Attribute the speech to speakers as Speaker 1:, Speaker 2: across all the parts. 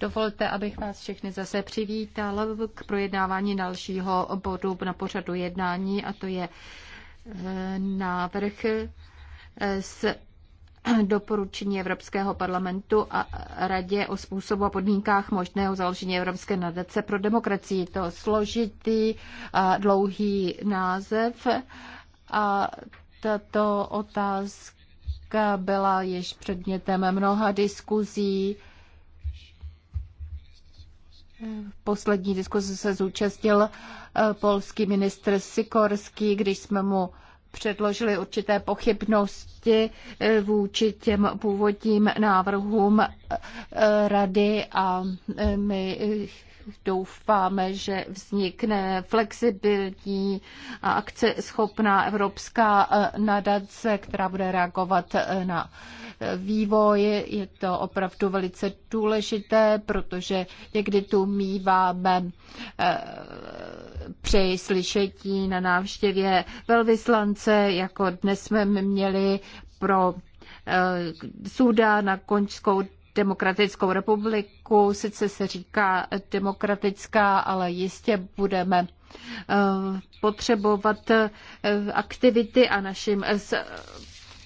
Speaker 1: Dovolte, abych vás všechny zase přivítal k projednávání dalšího bodu na pořadu jednání, a to je eh, návrh eh, s doporučení Evropského parlamentu a radě o způsobu a podmínkách možného založení Evropské nadace pro demokracii. To složitý a dlouhý název a tato otázka byla již předmětem mnoha diskuzí. Poslední diskuze se zúčastnil eh, polský ministr Sikorský, když jsme mu předložili určité pochybnosti eh, vůči těm původním návrhům eh, rady a my Doufáme, že vznikne flexibilní a akceschopná evropská e, nadace, která bude reagovat e, na e, vývoj. Je to opravdu velice důležité, protože někdy tu míváme při slyšetí na návštěvě velvyslance, jako dnes jsme měli pro Súdán na Končskou demokratickou republiku Iráku. Sice se říká demokratická, ale jistě budeme eh, potřebovat eh, aktivity a naším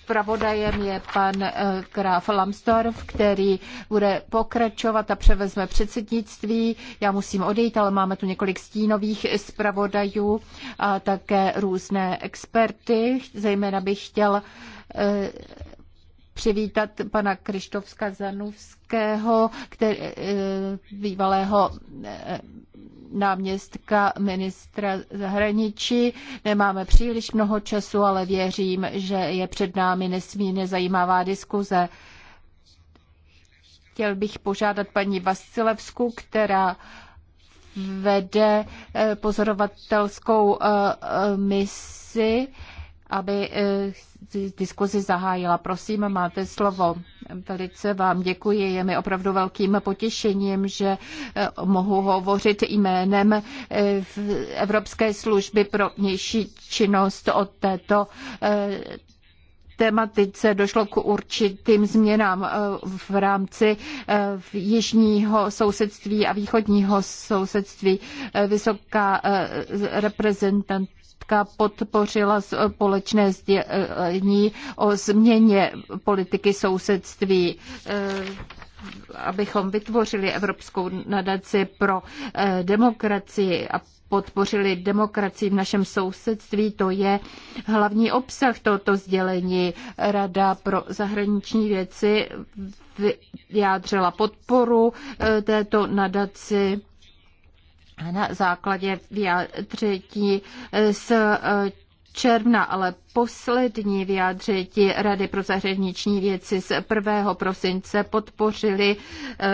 Speaker 1: Pravodajem je pan eh, Graf Lambsdorff, který bude pokračovat a převezme předsednictví. Já musím odejít, ale máme tu několik stínových zpravodajů a také různé experty. Zejména bych chtěl přivítat pana Krištofska Zanuvského, který, eh, bývalého eh, náměstka ministra zahraničí. Nemáme příliš mnoho času, ale věřím, že je před námi nesmírně zajímavá diskuze. Chtěl bych požádat paní Vasilevsku, která vede eh, pozorovatelskou misi, aby eh, diskuzi zahájila. Prosím, máte slovo. Velice vám děkuji. Je mi opravdu velkým potěšením, že eh, mohu hovořit jménem eh, Evropské služby pro vnější činnost o této tematice došlo k určitým změnám v rámci jižního sousedství a východního sousedství. Vysoká reprezentant podpořila společné sdělení o změně politiky sousedství eh, abychom vytvořili Evropskou nadaci pro eh, demokracii a podpořili demokracii v našem sousedství. To je hlavní obsah tohoto sdělení. Rada pro zahraniční věci vyjádřila podporu eh, této nadaci na základě vyjádření z eh, června, ale poslední vyjádření Rady pro zahraniční věci z 1. prosince podpořili eh,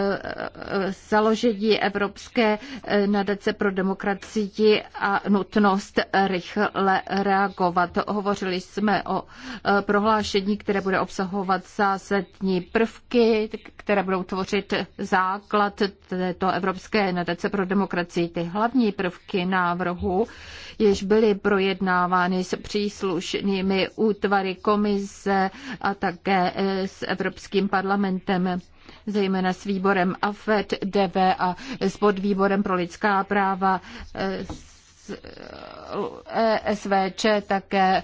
Speaker 1: eh, založení Evropské eh, nadace pro demokracii a nutnost rychle reagovat. Hovořili jsme o prohlášení, které bude obsahovat zásadní prvky, které budou tvořit základ této Evropské nadace pro demokracii. Ty hlavní prvky návrhu, jež byly projednávány s příslušnými různými útvary komise a také eh, s Evropským parlamentem zejména s výborem AFED, DV a s podvýborem pro lidská práva eh, SVČ eh, e také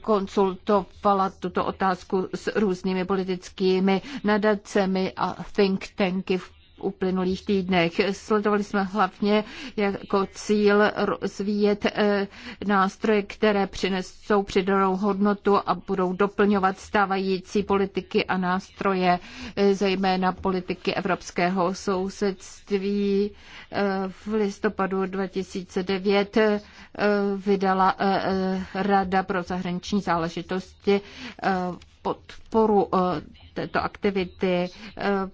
Speaker 1: konsultovala tuto otázku s různými politickými nadacemi a think tanky v uplynulých týdnech. Sledovali jsme hlavně jako cíl rozvíjet eh, nástroje, které přinesou přidanou hodnotu a budou doplňovat stávající politiky a nástroje, eh, zejména politiky evropského sousedství. Eh, v listopadu 2009 vydala Rada pro zahraniční záležitosti podporu eh, této aktivity. Eh,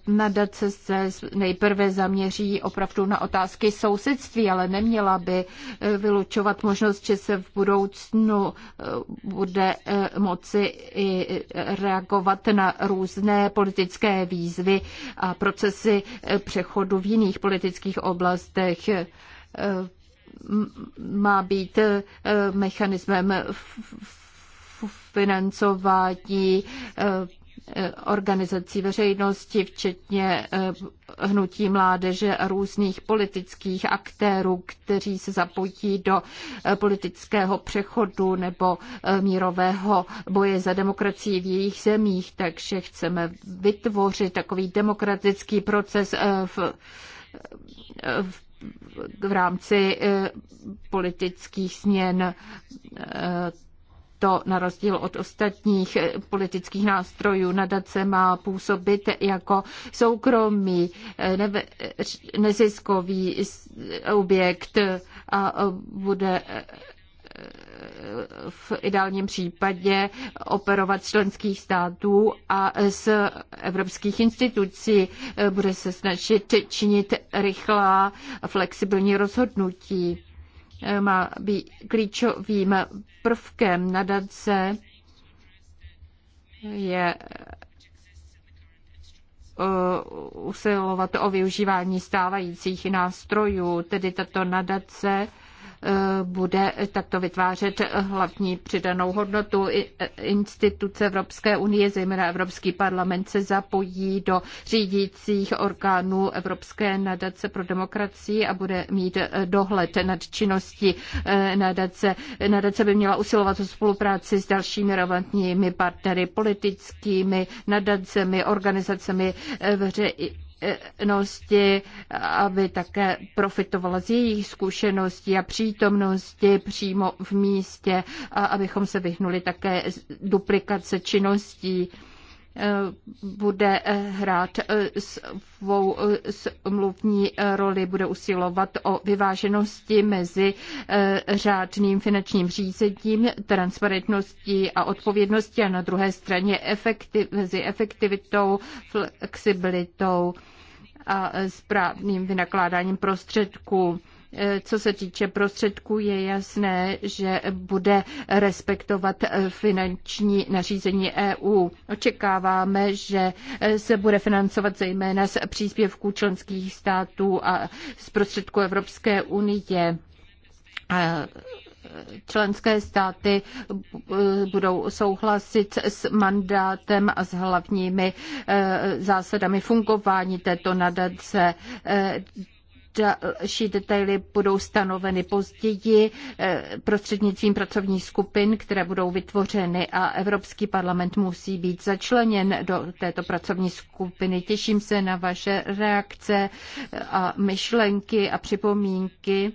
Speaker 1: nadace se nejprve zaměří opravdu na otázky sousedství, ale neměla by eh, vylučovat možnost, že se v budoucnu bude moci i reagovat na různé politické výzvy a procesy přechodu v jiných politických oblastech má být mechanismem financování eh, eh, organizací veřejnosti, včetně eh, hnutí mládeže a různých politických aktérů, kteří se zapojí do politického přechodu nebo mírového boje za demokracii v jejich zemích. Takže chceme vytvořit takový demokratický proces v, v v rámci politických změn to na rozdíl od ostatních politických nástrojů nadace má působit jako soukromý neziskový objekt a bude eh, v ideálním případě operovat členských států a z evropských institucí. Bude se snažit činit rychlá flexibilní rozhodnutí Eh, má být klíčovým prvkem nadace je eh, usilovat o využívání stávajících nástrojů, tedy tato nadace bude takto vytvářet hlavní přidanou hodnotu. Instituce Evropské unie, zejména Evropský parlament, se zapojí do řídících orgánů Evropské nadace pro demokracii a bude mít dohled nad činností nadace. Nadace by měla usilovat o spolupráci s dalšími relevantními partnery, politickými nadacemi, organizacemi veřejnými zkušenosti, aby také profitovala z jejich zkušeností a přítomnosti přímo v místě a abychom se vyhnuli také duplikace činností. Eh, bude eh, hrát eh, svou smluvní roli, bude usilovat o vyváženosti mezi řádným finančním řízením, transparentností a odpovědností a na druhé straně efektiv, mezi efektivitou, flexibilitou a správným vynakládáním prostředků co se týče prostředků, je jasné, že bude respektovat finanční nařízení EU. Očekáváme, že se bude financovat zejména z příspěvků členských států a z prostředků Evropské unie členské státy budou souhlasit s mandátem a s hlavními e, zásadami fungování této nadace. E, Další detaily budou stanoveny později eh, prostřednictvím pracovních skupin, které budou vytvořeny a Evropský parlament musí být začleněn do této pracovní skupiny. Těším se na vaše reakce eh, a myšlenky a připomínky.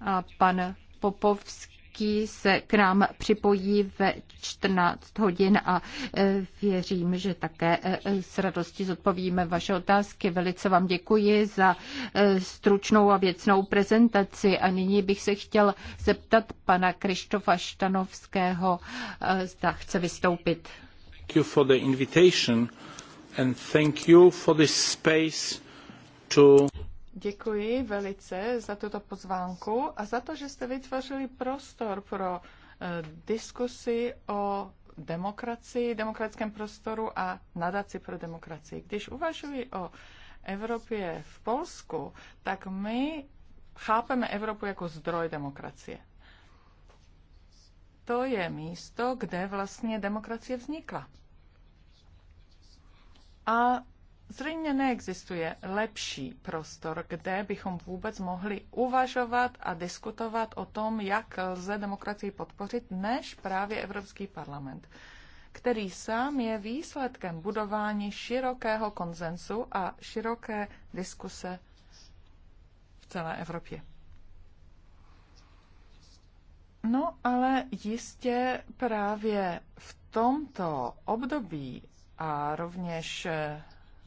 Speaker 1: A pan Popovský Pirinský se k nám připojí ve 14 hodin a e, věřím, že také e, e, s radostí zodpovíme vaše otázky. Velice vám děkuji za stručnou a věcnou prezentaci a nyní bych se chtěl zeptat pana Krištofa Štanovského,
Speaker 2: zda chce vystoupit. Thank you for the invitation and thank you for this space to... Děkuji velice za tuto pozvánku a za to, že jste vytvořili prostor pro eh, diskusi o demokracii, demokratickém prostoru a nadaci pro demokracii. Když uvažuji o Evropě v Polsku, tak my chápeme Evropu jako zdroj demokracie. To je místo, kde vlastně demokracie vznikla. A Zřejmě neexistuje lepší prostor, kde bychom vůbec mohli uvažovat a diskutovat o tom, jak lze demokracii podpořit, než právě Evropský parlament, který sám je výsledkem budování širokého konsenzu a široké diskuse v celé Evropě. No, ale jistě právě v tomto období a rovněž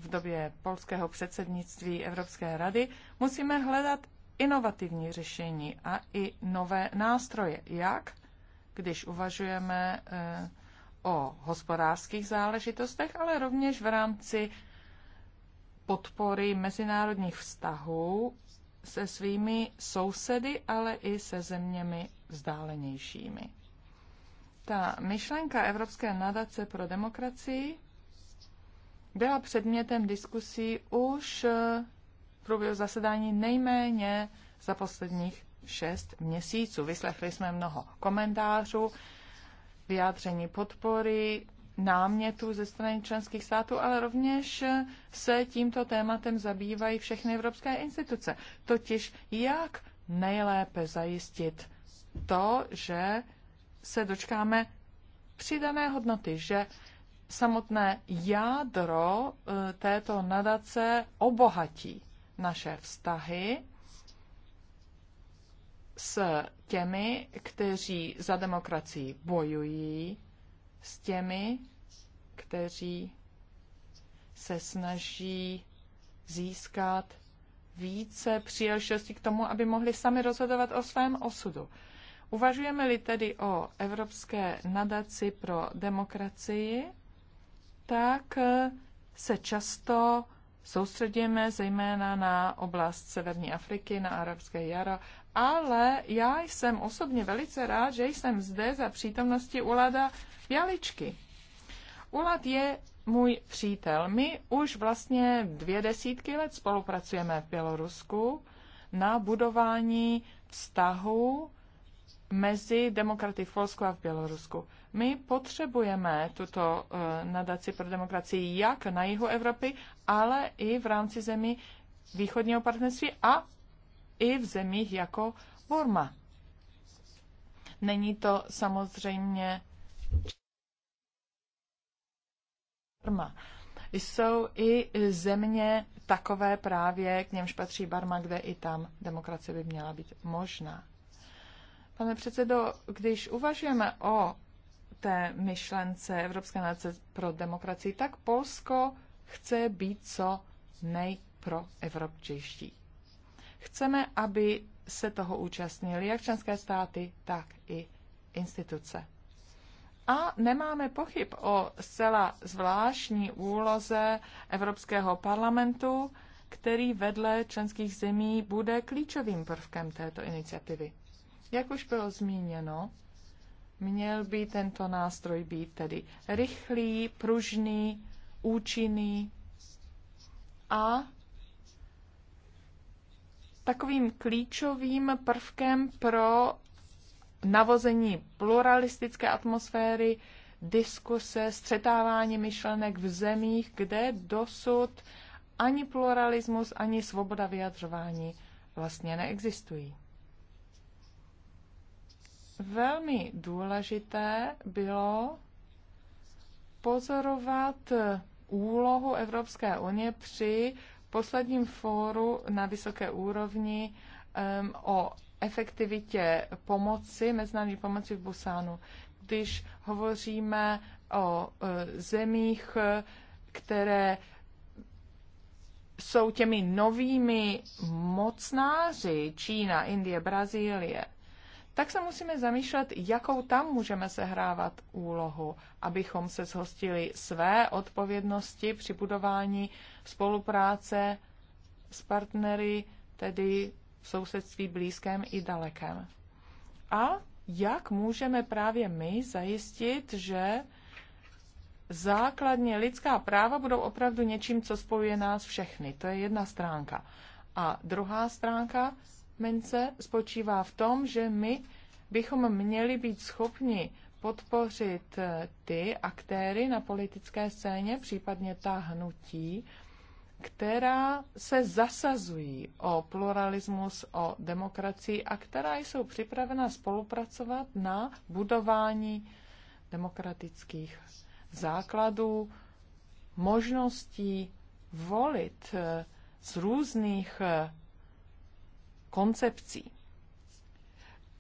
Speaker 2: v době polského předsednictví Evropské rady, musíme hledat inovativní řešení a i nové nástroje. Jak? Když uvažujeme eh, o hospodářských záležitostech, ale rovněž v rámci podpory mezinárodních vztahů se svými sousedy, ale i se zeměmi vzdálenějšími. Ta myšlenka Evropské nadace pro demokracii byla předmětem diskusí už eh, v průběhu zasedání nejméně za posledních šest měsíců. Vyslechli jsme mnoho komentářů, vyjádření podpory, námětů ze strany členských států, ale rovněž eh, se tímto tématem zabývají všechny evropské instituce. Totiž jak nejlépe zajistit to, že se dočkáme přidané hodnoty, že samotné jádro e, této nadace obohatí naše vztahy s těmi, kteří za demokracii bojují, s těmi, kteří se snaží získat více příležitostí k tomu, aby mohli sami rozhodovat o svém osudu. Uvažujeme-li tedy o Evropské nadaci pro demokracii, tak eh, se často soustředíme zejména na oblast Severní Afriky, na arabské jaro, ale já jsem osobně velice rád, že jsem zde za přítomnosti Ulada Jaličky. Ulad je můj přítel. My už vlastně dvě desítky let spolupracujeme v Bělorusku na budování vztahu mezi demokraty v Polsku a v Bělorusku. My potřebujeme tuto eh, nadaci pro demokracii jak na jihu Evropy, ale i v rámci zemí východního partnerství a i v zemích jako Burma. Není to samozřejmě Burma. Jsou i země takové právě, k němž patří Barma, kde i tam demokracie by měla být možná. Pane předsedo, když uvažujeme o té myšlence Evropské nace pro demokracii, tak Polsko chce být co nejproevropčejší. Chceme, aby se toho účastnili jak členské státy, tak i instituce. A nemáme pochyb o zcela zvláštní úloze Evropského parlamentu, který vedle členských zemí bude klíčovým prvkem této iniciativy. Jak už bylo zmíněno, měl by tento nástroj být tedy rychlý, pružný, účinný a takovým klíčovým prvkem pro navození pluralistické atmosféry, diskuse, střetávání myšlenek v zemích, kde dosud ani pluralismus, ani svoboda vyjadřování vlastně neexistují. Velmi důležité bylo pozorovat úlohu Evropské unie při posledním fóru na vysoké úrovni um, o efektivitě pomoci, mezinárodní pomoci v Busánu. Když hovoříme o e, zemích, které jsou těmi novými mocnáři, Čína, Indie, Brazílie, tak se musíme zamýšlet, jakou tam můžeme sehrávat úlohu, abychom se zhostili své odpovědnosti při budování spolupráce s partnery, tedy v sousedství blízkém i dalekém. A jak můžeme právě my zajistit, že základně lidská práva budou opravdu něčím, co spojuje nás všechny. To je jedna stránka. A druhá stránka, mince spočívá v tom, že my bychom měli být schopni podpořit eh, ty aktéry na politické scéně, případně ta hnutí, která se zasazují o pluralismus, o demokracii a která jsou připravena spolupracovat na budování demokratických základů, možností volit eh, z různých eh, koncepcí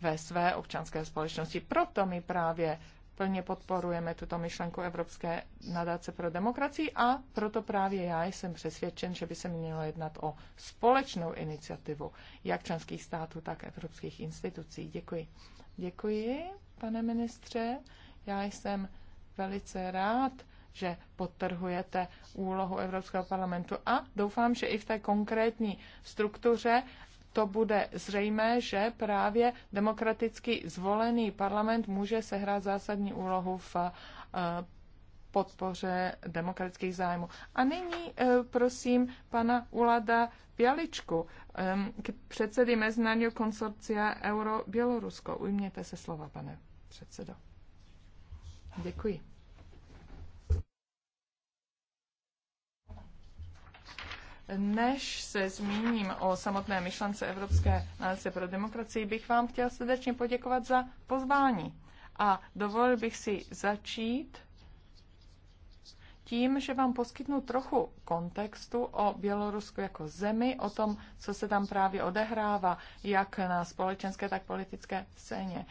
Speaker 2: ve své občanské společnosti. Proto my právě plně podporujeme tuto myšlenku Evropské nadace pro demokracii a proto právě já jsem přesvědčen, že by se mělo jednat o společnou iniciativu jak členských států, tak evropských institucí. Děkuji. Děkuji, pane ministře. Já jsem velice rád, že podtrhujete úlohu Evropského parlamentu a doufám, že i v té konkrétní struktuře to bude zřejmé, že právě demokraticky zvolený parlament může sehrát zásadní úlohu v eh, podpoře demokratických zájmů. A nyní eh, prosím pana Ulada k předsedy Mezinárodního konsorcia Euro-Bělorusko. Ujměte se slova, pane předsedo. Děkuji. Než se zmíním o samotné myšlence Evropské nadace pro demokracii, bych vám chtěl srdečně poděkovat za pozvání. A dovolil bych si začít tím, že vám poskytnu trochu kontextu o Bělorusku jako zemi, o tom, co se tam právě odehrává, jak na společenské, tak politické scéně.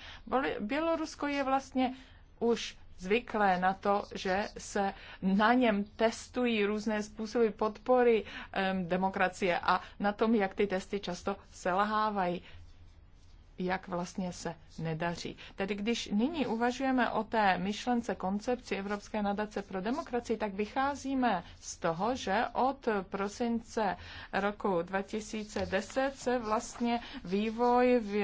Speaker 2: Bělorusko je vlastně už zvyklé na to, že se na něm testují různé způsoby podpory um, demokracie a na tom, jak ty testy často selhávají jak vlastně se nedaří. Tedy když nyní uvažujeme o té myšlence koncepci Evropské nadace pro demokracii, tak vycházíme z toho, že od prosince roku 2010 se vlastně vývoj v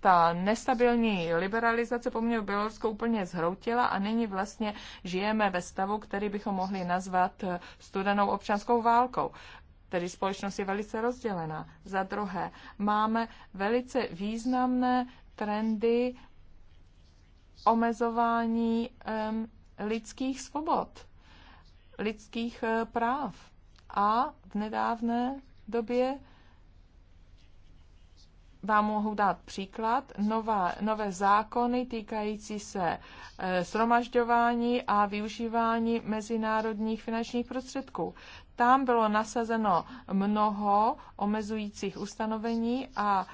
Speaker 2: ta nestabilní liberalizace v Bělorusko úplně zhroutila a nyní vlastně žijeme ve stavu, který bychom mohli nazvat studenou občanskou válkou. Tedy společnost je velice rozdělená. Za druhé, máme velice významné trendy omezování um, lidských svobod, lidských uh, práv. A v nedávné době vám mohu dát příklad. Nová, nové zákony týkající se e, eh, sromažďování a využívání mezinárodních finančních prostředků. Tam bylo nasazeno mnoho omezujících ustanovení a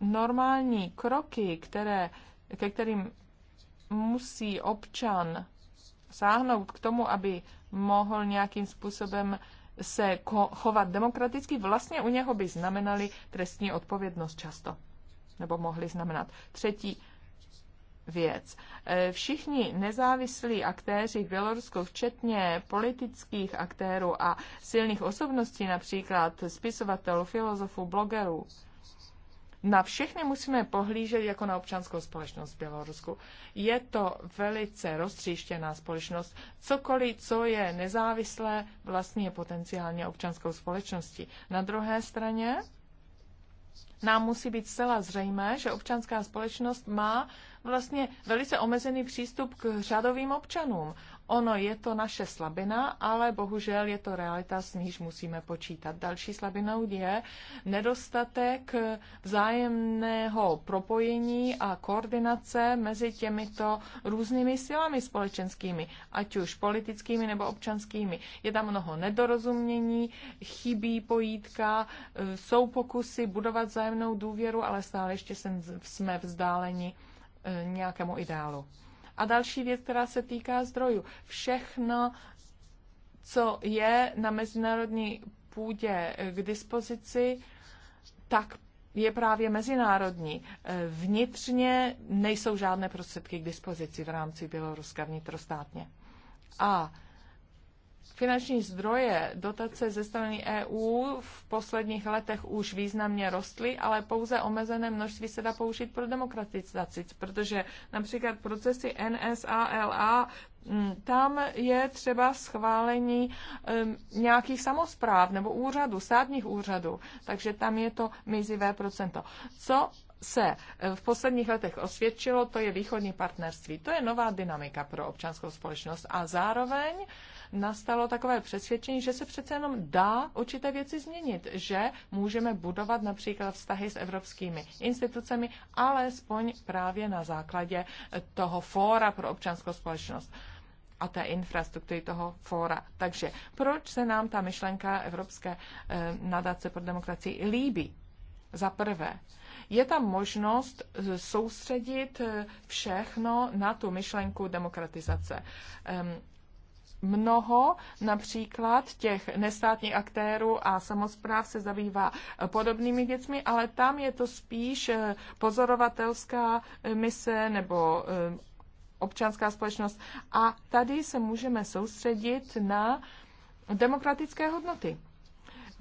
Speaker 2: normální kroky, které, ke kterým musí občan sáhnout k tomu, aby mohl nějakým způsobem se chovat demokraticky, vlastně u něho by znamenaly trestní odpovědnost často. Nebo mohly znamenat. Třetí věc. E, všichni nezávislí aktéři v Bělorusku, včetně politických aktérů a silných osobností, například spisovatelů, filozofů, blogerů, na všechny musíme pohlížet jako na občanskou společnost v Bělorusku. Je to velice roztříštěná společnost. Cokoliv, co je nezávislé, vlastně je potenciálně občanskou společností. Na druhé straně nám musí být zcela zřejmé, že občanská společnost má vlastně velice omezený přístup k řadovým občanům. Ono je to naše slabina, ale bohužel je to realita, s níž musíme počítat. Další slabinou je nedostatek vzájemného propojení a koordinace mezi těmito různými silami společenskými, ať už politickými nebo občanskými. Je tam mnoho nedorozumění, chybí pojítka, eh, jsou pokusy budovat vzájemnou důvěru, ale stále ještě jsme vzdáleni E, nějakému ideálu. A další věc, která se týká zdrojů. Všechno, co je na mezinárodní půdě k dispozici, tak je právě mezinárodní. E, vnitřně nejsou žádné prostředky k dispozici v rámci Běloruska vnitrostátně. A Finanční zdroje dotace ze strany EU v posledních letech už významně rostly, ale pouze omezené množství se dá použít pro demokratizaci, protože například procesy NSALA, mm, tam je třeba schválení um, nějakých samozpráv nebo úřadů, státních úřadů, takže tam je to mizivé procento. Co se e, v posledních letech osvědčilo, to je východní partnerství. To je nová dynamika pro občanskou společnost a zároveň nastalo takové přesvědčení, že se přece jenom dá určité věci změnit, že můžeme budovat například vztahy s evropskými institucemi, alespoň právě na základě toho fóra pro občanskou společnost a té infrastruktury toho fóra. Takže proč se nám ta myšlenka Evropské eh, nadace pro demokracii líbí? Za prvé, je tam možnost eh, soustředit eh, všechno na tu myšlenku demokratizace. Ehm, mnoho například těch nestátních aktérů a samozpráv se zabývá podobnými věcmi, ale tam je to spíš eh, pozorovatelská eh, mise nebo eh, občanská společnost. A tady se můžeme soustředit na demokratické hodnoty.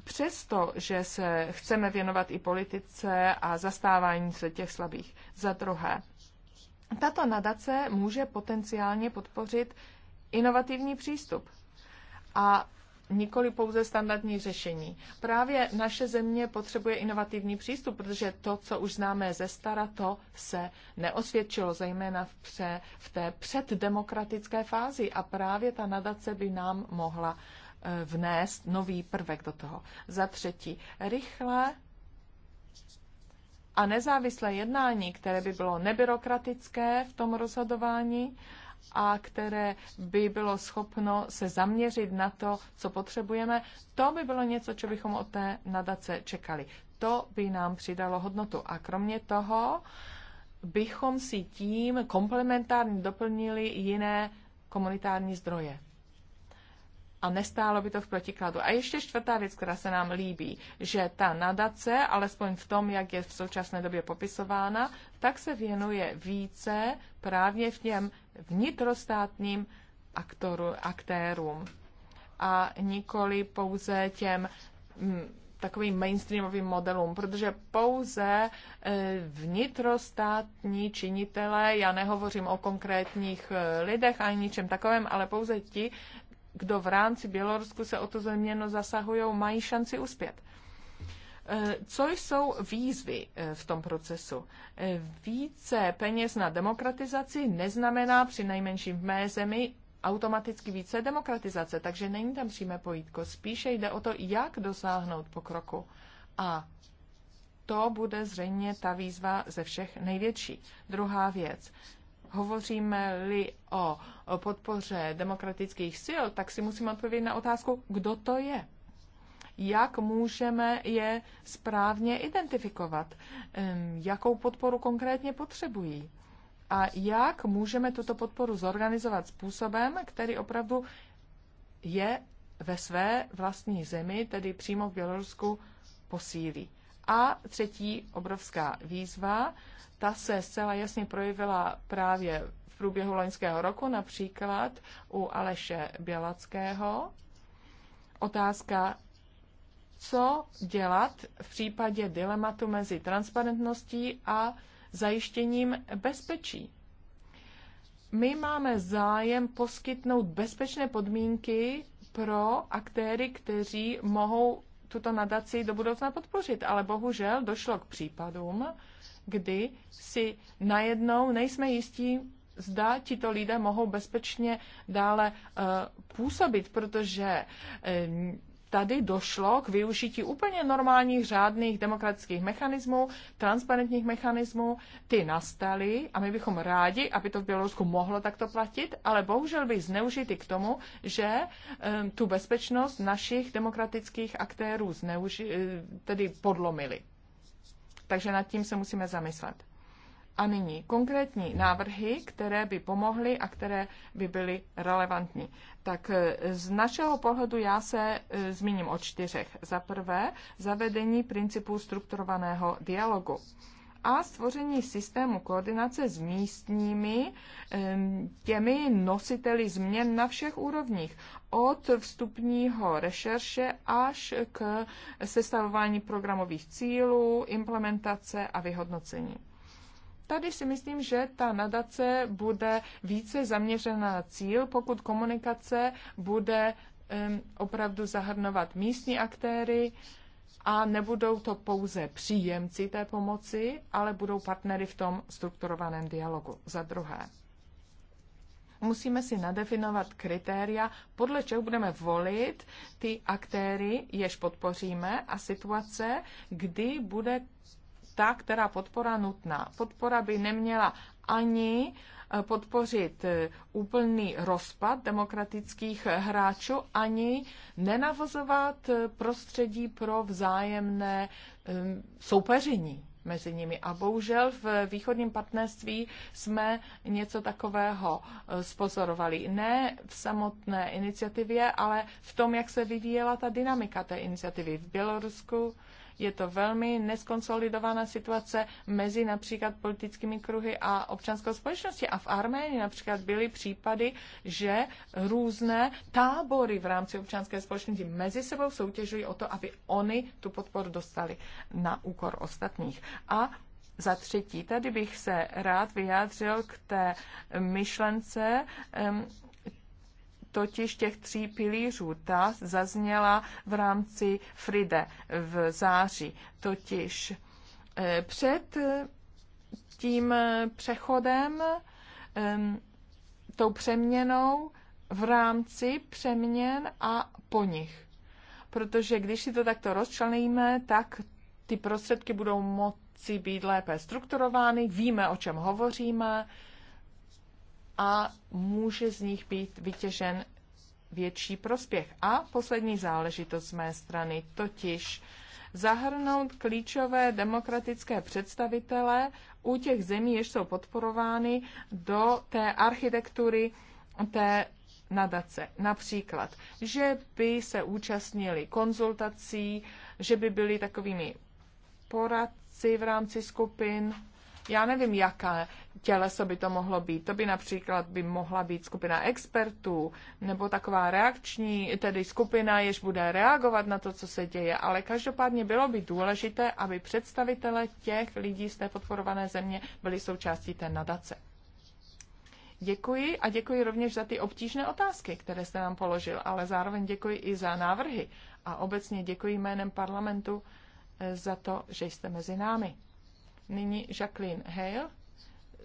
Speaker 2: Přesto, že se chceme věnovat i politice a zastávání se těch slabých. Za druhé, tato nadace může potenciálně podpořit inovativní přístup a nikoli pouze standardní řešení. Právě naše země potřebuje inovativní přístup, protože to, co už známe ze stara, to se neosvědčilo, zejména v, pře, v té předdemokratické fázi. A právě ta nadace by nám mohla eh, vnést nový prvek do toho. Za třetí, rychle a nezávislé jednání, které by bylo nebyrokratické v tom rozhodování, a které by bylo schopno se zaměřit na to, co potřebujeme, to by bylo něco, co bychom od té nadace čekali. To by nám přidalo hodnotu. A kromě toho bychom si tím komplementárně doplnili jiné komunitární zdroje a nestálo by to v protikladu. A ještě čtvrtá věc, která se nám líbí, že ta nadace, alespoň v tom, jak je v současné době popisována, tak se věnuje více právě v těm vnitrostátním aktoru, aktérům a nikoli pouze těm mm, takovým mainstreamovým modelům, protože pouze e, vnitrostátní činitelé, já nehovořím o konkrétních e, lidech ani ničem takovém, ale pouze ti kdo v rámci Bělorusku se o to změnu zasahují, mají šanci uspět. E, co jsou výzvy e, v tom procesu? E, více peněz na demokratizaci neznamená při nejmenším v mé zemi automaticky více demokratizace, takže není tam přímé pojítko. Spíše jde o to, jak dosáhnout pokroku. A to bude zřejmě ta výzva ze všech největší. Druhá věc. Hovoříme-li o podpoře demokratických sil, tak si musíme odpovědět na otázku, kdo to je. Jak můžeme je správně identifikovat? Jakou podporu konkrétně potřebují? A jak můžeme tuto podporu zorganizovat způsobem, který opravdu je ve své vlastní zemi, tedy přímo v Bělorusku, posílí. A třetí obrovská výzva, ta se zcela jasně projevila právě v průběhu loňského roku, například u Aleše Bělackého. Otázka, co dělat v případě dilematu mezi transparentností a zajištěním bezpečí. My máme zájem poskytnout bezpečné podmínky pro aktéry, kteří mohou tuto nadaci do budoucna podpořit. Ale bohužel došlo k případům, kdy si najednou nejsme jistí, zda tito lidé mohou bezpečně dále uh, působit, protože uh, tady došlo k využití úplně normálních řádných demokratických mechanismů, transparentních mechanismů. Ty nastaly a my bychom rádi, aby to v Bělorusku mohlo takto platit, ale bohužel by zneužity k tomu, že tu bezpečnost našich demokratických aktérů zneuži- tedy podlomili. Takže nad tím se musíme zamyslet. A nyní konkrétní návrhy, které by pomohly a které by byly relevantní. Tak e, z našeho pohledu já se e, zmíním o čtyřech. Za prvé, zavedení principu strukturovaného dialogu a stvoření systému koordinace s místními e, těmi nositeli změn na všech úrovních, od vstupního rešerše až k sestavování programových cílů, implementace a vyhodnocení. Tady si myslím, že ta nadace bude více zaměřena na cíl, pokud komunikace bude um, opravdu zahrnovat místní aktéry a nebudou to pouze příjemci té pomoci, ale budou partnery v tom strukturovaném dialogu. Za druhé, musíme si nadefinovat kritéria, podle čeho budeme volit ty aktéry, jež podpoříme a situace, kdy bude ta, která podpora nutná. Podpora by neměla ani eh, podpořit eh, úplný rozpad demokratických hráčů, ani nenavozovat eh, prostředí pro vzájemné soupeření mezi nimi. A bohužel v východním partnerství jsme něco takového spozorovali. Ne v samotné iniciativě, ale v tom, jak se vyvíjela ta dynamika té iniciativy v Bělorusku, je to velmi neskonsolidovaná situace mezi například politickými kruhy a občanskou společností. A v Arménii například byly případy, že různé tábory v rámci občanské společnosti mezi sebou soutěžují o to, aby oni tu podporu dostali na úkor ostatních. A za třetí, tady bych se rád vyjádřil k té myšlence totiž těch tří pilířů. Ta zazněla v rámci Fride v září, totiž eh, před eh, tím eh, přechodem, ehm, tou přeměnou v rámci přeměn a po nich. Protože když si to takto rozčleníme, tak ty prostředky budou moci být lépe strukturovány, víme, o čem hovoříme, a může z nich být vytěžen větší prospěch. A poslední záležitost z mé strany, totiž zahrnout klíčové demokratické představitele u těch zemí, jež jsou podporovány, do té architektury té nadace. Například, že by se účastnili konzultací, že by byli takovými poradci v rámci skupin, já nevím, jaká těleso by to mohlo být. To by například by mohla být skupina expertů nebo taková reakční, tedy skupina, jež bude reagovat na to, co se děje. Ale každopádně bylo by důležité, aby představitele těch lidí z té podporované země byli součástí té nadace. Děkuji a děkuji rovněž za ty obtížné otázky, které jste nám položil, ale zároveň děkuji i za návrhy a obecně děkuji jménem parlamentu eh, za to, že jste mezi námi. Nyní Jacqueline Hale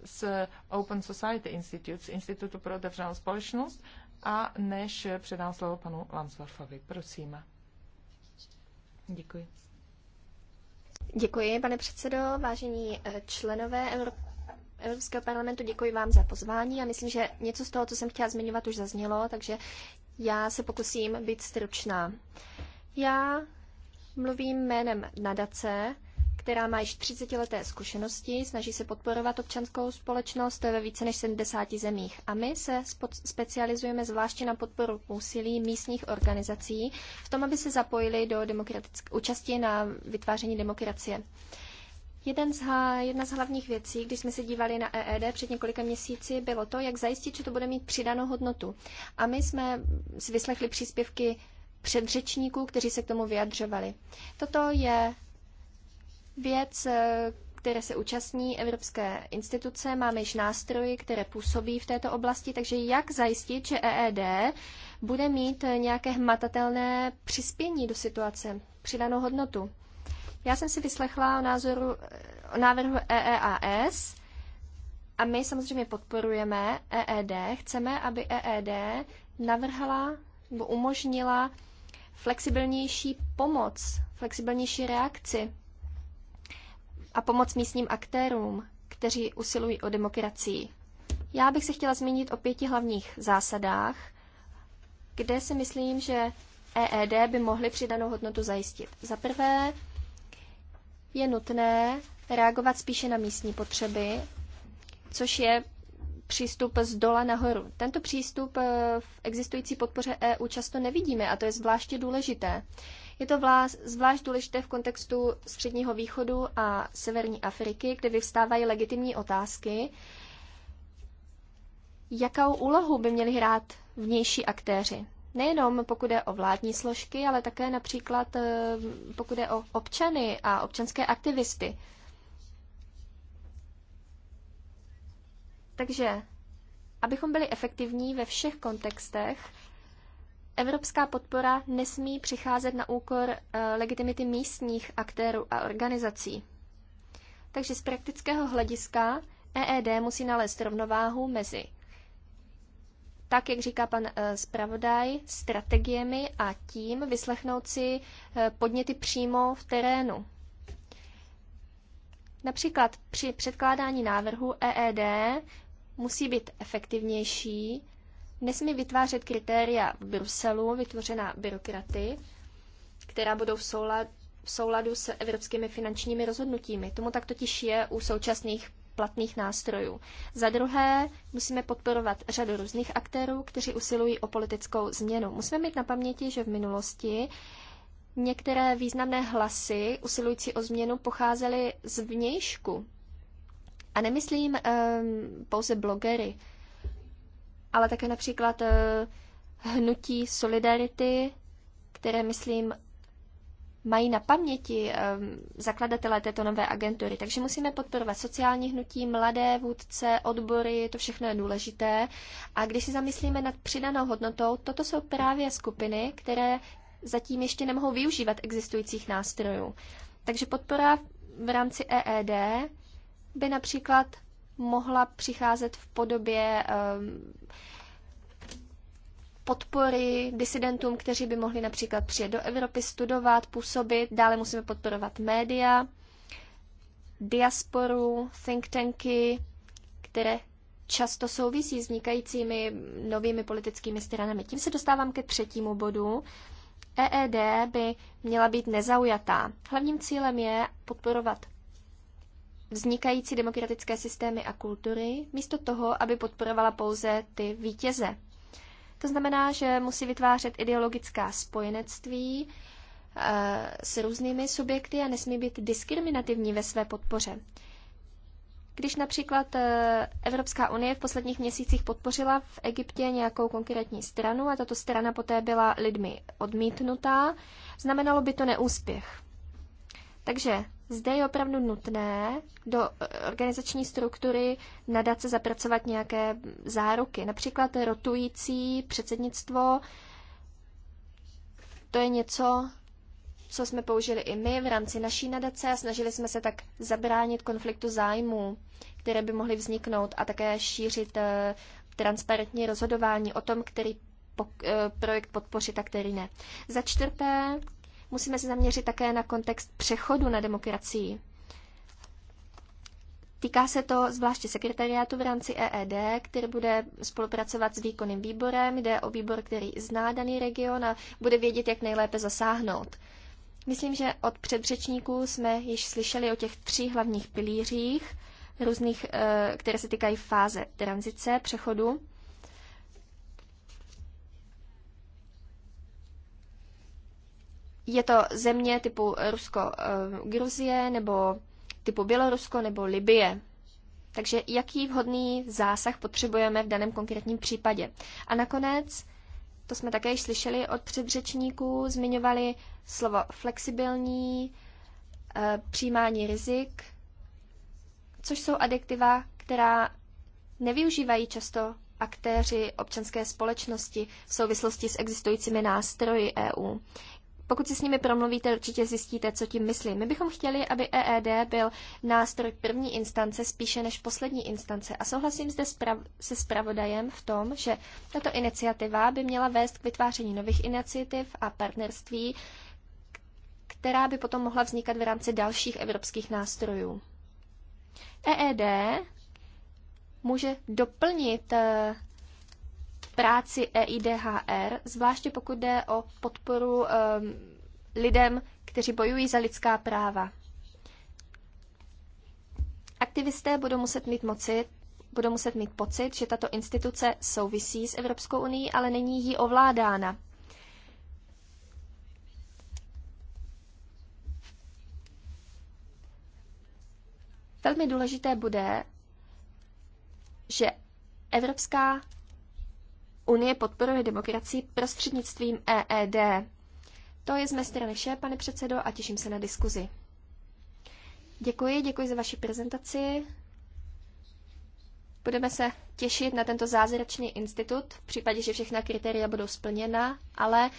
Speaker 2: z Open Society Institute, z Institutu pro otevřenou společnost. A než předám slovo panu Lansdorfovi, prosím. Děkuji.
Speaker 3: Děkuji, pane předsedo, vážení eh, členové Evropské Evropského parlamentu. Děkuji vám za pozvání a myslím, že něco z toho, co jsem chtěla zmiňovat, už zaznělo, takže já se pokusím být stručná. Já mluvím jménem nadace, která má již 30 leté zkušenosti, snaží se podporovat občanskou společnost ve více než 70 zemích. A my se specializujeme zvláště na podporu úsilí místních organizací v tom, aby se zapojili do demokratické účasti na vytváření demokracie. Jeden z, jedna z hlavních věcí, když jsme se dívali na EED před několika měsíci, bylo to, jak zajistit, že to bude mít přidanou hodnotu. A my jsme si vyslechli příspěvky předřečníků, kteří se k tomu vyjadřovali. Toto je věc, eh, které se účastní evropské instituce. Máme již nástroje, které působí v této oblasti, takže jak zajistit, že EED bude mít eh, nějaké hmatatelné přispění do situace, přidanou hodnotu? Já jsem si vyslechla o, názoru, eh, o návrhu EEAS a my samozřejmě podporujeme EED. Chceme, aby EED navrhla nebo umožnila flexibilnější pomoc, flexibilnější reakci a pomoc místním aktérům, kteří usilují o demokracii. Já bych se chtěla zmínit o pěti hlavních zásadách, kde si myslím, že EED by mohly přidanou hodnotu zajistit. Za prvé je nutné reagovat spíše na místní potřeby, což je přístup z dola nahoru. Tento přístup eh, v existující podpoře EU často nevidíme a to je zvláště důležité. Je to vlás, zvlášť důležité v kontextu Středního východu a Severní Afriky, kde vyvstávají legitimní otázky, jakou úlohu by měli hrát vnější aktéři. Nejenom pokud je o vládní složky, ale také například eh, pokud je o občany a občanské aktivisty. Takže abychom byli efektivní ve všech kontextech, Evropská podpora nesmí přicházet na úkor eh, legitimity místních aktérů a organizací. Takže z praktického hlediska EED musí nalézt rovnováhu mezi, tak jak říká pan eh, zpravodaj, strategiemi a tím vyslechnout si eh, podněty přímo v terénu. Například při předkládání návrhu EED musí být efektivnější nesmí vytvářet kritéria v Bruselu, vytvořená byrokraty, která budou v, soulad, v souladu s evropskými finančními rozhodnutími. Tomu tak totiž je u současných platných nástrojů. Za druhé, musíme podporovat řadu různých aktérů, kteří usilují o politickou změnu. Musíme mít na paměti, že v minulosti některé významné hlasy usilující o změnu pocházely z vnějšku. A nemyslím um, pouze blogery ale také například eh, hnutí Solidarity, které, myslím, mají na paměti eh, zakladatelé této nové agentury. Takže musíme podporovat sociální hnutí, mladé vůdce, odbory, to všechno je důležité. A když si zamyslíme nad přidanou hodnotou, toto jsou právě skupiny, které zatím ještě nemohou využívat existujících nástrojů. Takže podpora v rámci EED by například mohla přicházet v podobě ehm, podpory disidentům, kteří by mohli například přijet do Evropy, studovat, působit. Dále musíme podporovat média, diasporu, think tanky, které často souvisí s vznikajícími novými politickými stranami. Tím se dostávám ke třetímu bodu. EED by měla být nezaujatá. Hlavním cílem je podporovat vznikající demokratické systémy a kultury, místo toho, aby podporovala pouze ty vítěze. To znamená, že musí vytvářet ideologická spojenectví eh, s různými subjekty a nesmí být diskriminativní ve své podpoře. Když například eh, Evropská unie v posledních měsících podpořila v Egyptě nějakou konkrétní stranu a tato strana poté byla lidmi odmítnutá, znamenalo by to neúspěch. Takže zde je opravdu nutné do organizační struktury nadace zapracovat nějaké záruky, například rotující předsednictvo. To je něco, co jsme použili i my v rámci naší nadace a snažili jsme se tak zabránit konfliktu zájmů, které by mohly vzniknout a také šířit eh, transparentní rozhodování o tom, který eh, projekt podpořit a který ne. Za čtvrté, Musíme se zaměřit také na kontext přechodu na demokracii. Týká se to zvláště sekretariátu v rámci EED, který bude spolupracovat s výkonným výborem. Jde o výbor, který zná daný region a bude vědět, jak nejlépe zasáhnout. Myslím, že od předřečníků jsme již slyšeli o těch tří hlavních pilířích, různých, eh, které se týkají fáze tranzice, přechodu. Je to země typu Rusko, eh, Gruzie nebo typu Bělorusko nebo Libie. Takže jaký vhodný zásah potřebujeme v daném konkrétním případě. A nakonec, to jsme také již slyšeli od předřečníků, zmiňovali slovo flexibilní, eh, přijímání rizik, což jsou adjektiva, která nevyužívají často aktéři občanské společnosti v souvislosti s existujícími nástroji EU. Pokud si s nimi promluvíte, určitě zjistíte, co tím myslí. My bychom chtěli, aby EED byl nástroj první instance spíše než poslední instance. A souhlasím zde se spravodajem v tom, že tato iniciativa by měla vést k vytváření nových iniciativ a partnerství, která by potom mohla vznikat v rámci dalších evropských nástrojů. EED může doplnit eh, práci EIDHR, zvláště pokud jde o podporu ehm, lidem, kteří bojují za lidská práva. Aktivisté budou muset mít moci, budou muset mít pocit, že tato instituce souvisí s Evropskou unii, ale není jí ovládána. Velmi důležité bude, že Evropská Unie podporuje demokracii prostřednictvím EED. To je z mé strany vše, pane předsedo, a těším se na diskuzi. Děkuji, děkuji za vaši prezentaci. Budeme se těšit na tento zázračný institut v případě, že všechna kritéria budou splněna, ale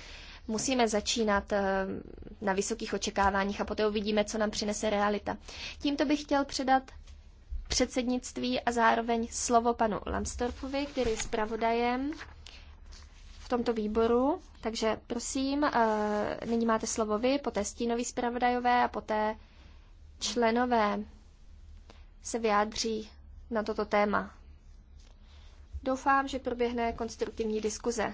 Speaker 3: musíme začínat eh, na vysokých očekáváních a poté uvidíme, co nám přinese realita. Tímto bych chtěl předat předsednictví a zároveň slovo panu Lamstorfovi, který je zpravodajem tomto výboru, takže prosím, eh, nyní máte slovo vy, poté stínový zpravodajové a poté členové se vyjádří na toto téma. Doufám, že proběhne konstruktivní diskuze.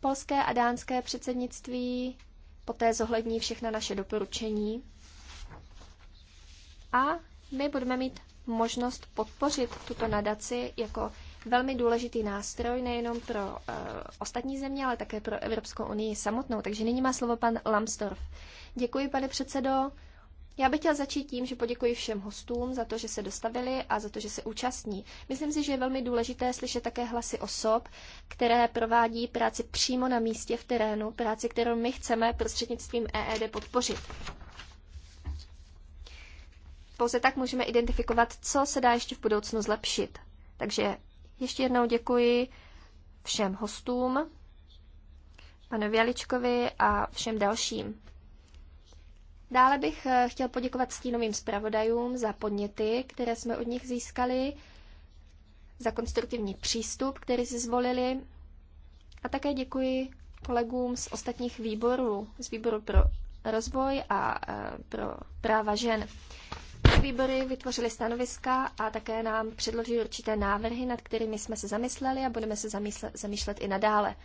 Speaker 3: Polské a dánské předsednictví poté zohlední všechna naše doporučení a my budeme mít možnost podpořit tuto nadaci jako velmi důležitý nástroj nejenom pro uh, ostatní země, ale také pro Evropskou unii samotnou. Takže nyní má slovo pan Lambsdorff. Děkuji, pane předsedo. Já bych chtěl začít tím, že poděkuji všem hostům za to, že se dostavili a za to, že se účastní. Myslím si, že je velmi důležité slyšet také hlasy osob, které provádí práci přímo na místě v terénu, práci, kterou my chceme prostřednictvím EED podpořit. Pouze tak můžeme identifikovat, co se dá ještě v budoucnu zlepšit. Takže ještě jednou děkuji všem hostům, panu Vialičkovi a všem dalším. Dále bych eh, chtěl poděkovat stínovým zpravodajům za podněty, které jsme od nich získali, za konstruktivní přístup, který si zvolili a také děkuji kolegům z ostatních výborů, z výboru pro rozvoj a eh, pro práva žen výbory vytvořily stanoviska a také nám předložili určité návrhy, nad kterými jsme se zamysleli a budeme se zamýšlet, zamýšlet i nadále.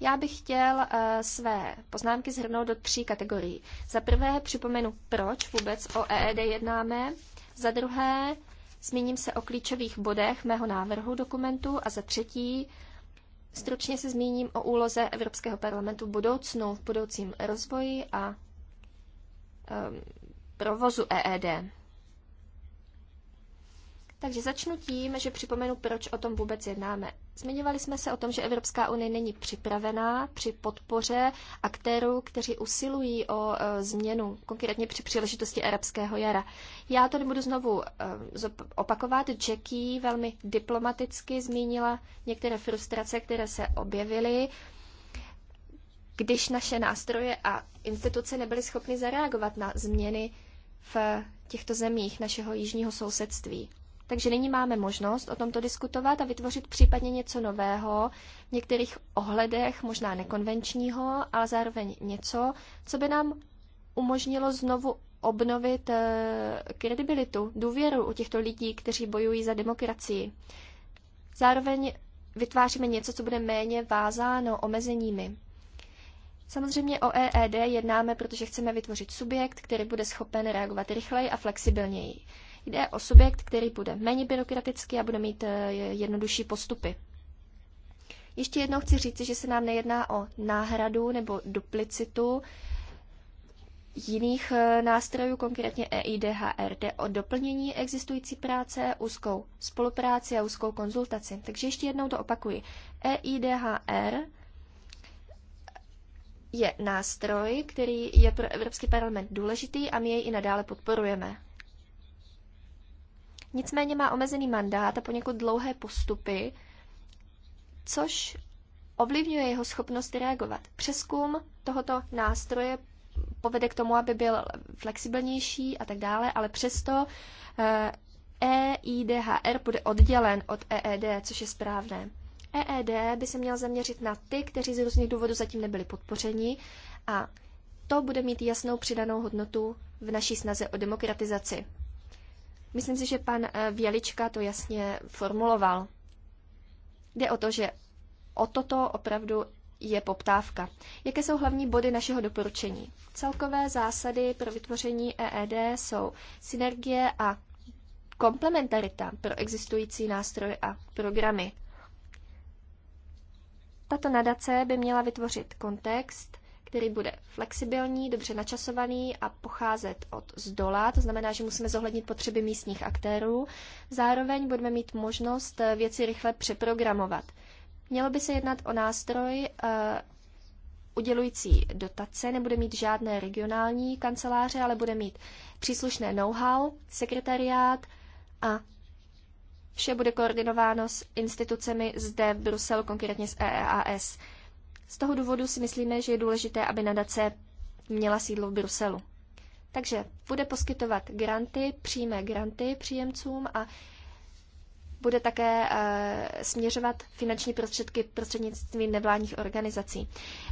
Speaker 3: Já bych chtěl uh, své poznámky zhrnout do tří kategorií. Za prvé připomenu, proč vůbec o EED jednáme. Za druhé zmíním se o klíčových bodech mého návrhu dokumentu. A za třetí stručně se zmíním o úloze Evropského parlamentu v budoucnu, v budoucím rozvoji a Ehm, provozu EED. Takže začnu tím, že připomenu, proč o tom vůbec jednáme. Zmiňovali jsme se o tom, že Evropská unie není připravená při podpoře aktérů, kteří usilují o e, změnu, konkrétně při příležitosti arabského jara. Já to nebudu znovu e, opakovat. Jackie velmi diplomaticky zmínila některé frustrace, které se objevily když naše nástroje a instituce nebyly schopny zareagovat na změny v těchto zemích našeho jižního sousedství. Takže nyní máme možnost o tomto diskutovat a vytvořit případně něco nového, v některých ohledech možná nekonvenčního, ale zároveň něco, co by nám umožnilo znovu obnovit eh, kredibilitu, důvěru u těchto lidí, kteří bojují za demokracii. Zároveň vytváříme něco, co bude méně vázáno omezeními. Samozřejmě o EED jednáme, protože chceme vytvořit subjekt, který bude schopen reagovat rychleji a flexibilněji. Jde o subjekt, který bude méně byrokratický a bude mít e, jednodušší postupy. Ještě jednou chci říci, že se nám nejedná o náhradu nebo duplicitu jiných e, nástrojů, konkrétně EIDHR. Jde o doplnění existující práce, úzkou spolupráci a úzkou konzultaci. Takže ještě jednou to opakuji. EIDHR je nástroj, který je pro Evropský parlament důležitý a my jej i nadále podporujeme. Nicméně má omezený mandát a poněkud dlouhé postupy, což ovlivňuje jeho schopnost reagovat. Přeskum tohoto nástroje povede k tomu, aby byl flexibilnější a tak dále, ale přesto EIDHR eh, e bude oddělen od EED, což je správné. EED by se měl zaměřit na ty, kteří z různých důvodů zatím nebyli podpořeni a to bude mít jasnou přidanou hodnotu v naší snaze o demokratizaci. Myslím si, že pan e, Vělička to jasně formuloval. Jde o to, že o toto opravdu je poptávka. Jaké jsou hlavní body našeho doporučení? Celkové zásady pro vytvoření EED jsou synergie a komplementarita pro existující nástroje a programy. Tato nadace by měla vytvořit kontext, který bude flexibilní, dobře načasovaný a pocházet od zdola, to znamená, že musíme zohlednit potřeby místních aktérů. Zároveň budeme mít možnost eh, věci rychle přeprogramovat. Mělo by se jednat o nástroj uh, udělující dotace, nebude mít žádné regionální kanceláře, ale bude mít příslušné know-how, sekretariát a Vše bude koordinováno s institucemi zde v Bruselu, konkrétně s EEAS. Z toho důvodu si myslíme, že je důležité, aby nadace měla sídlo v Bruselu. Takže bude poskytovat granty, přímé granty příjemcům a bude také e, směřovat finanční prostředky prostřednictvím nevládních organizací.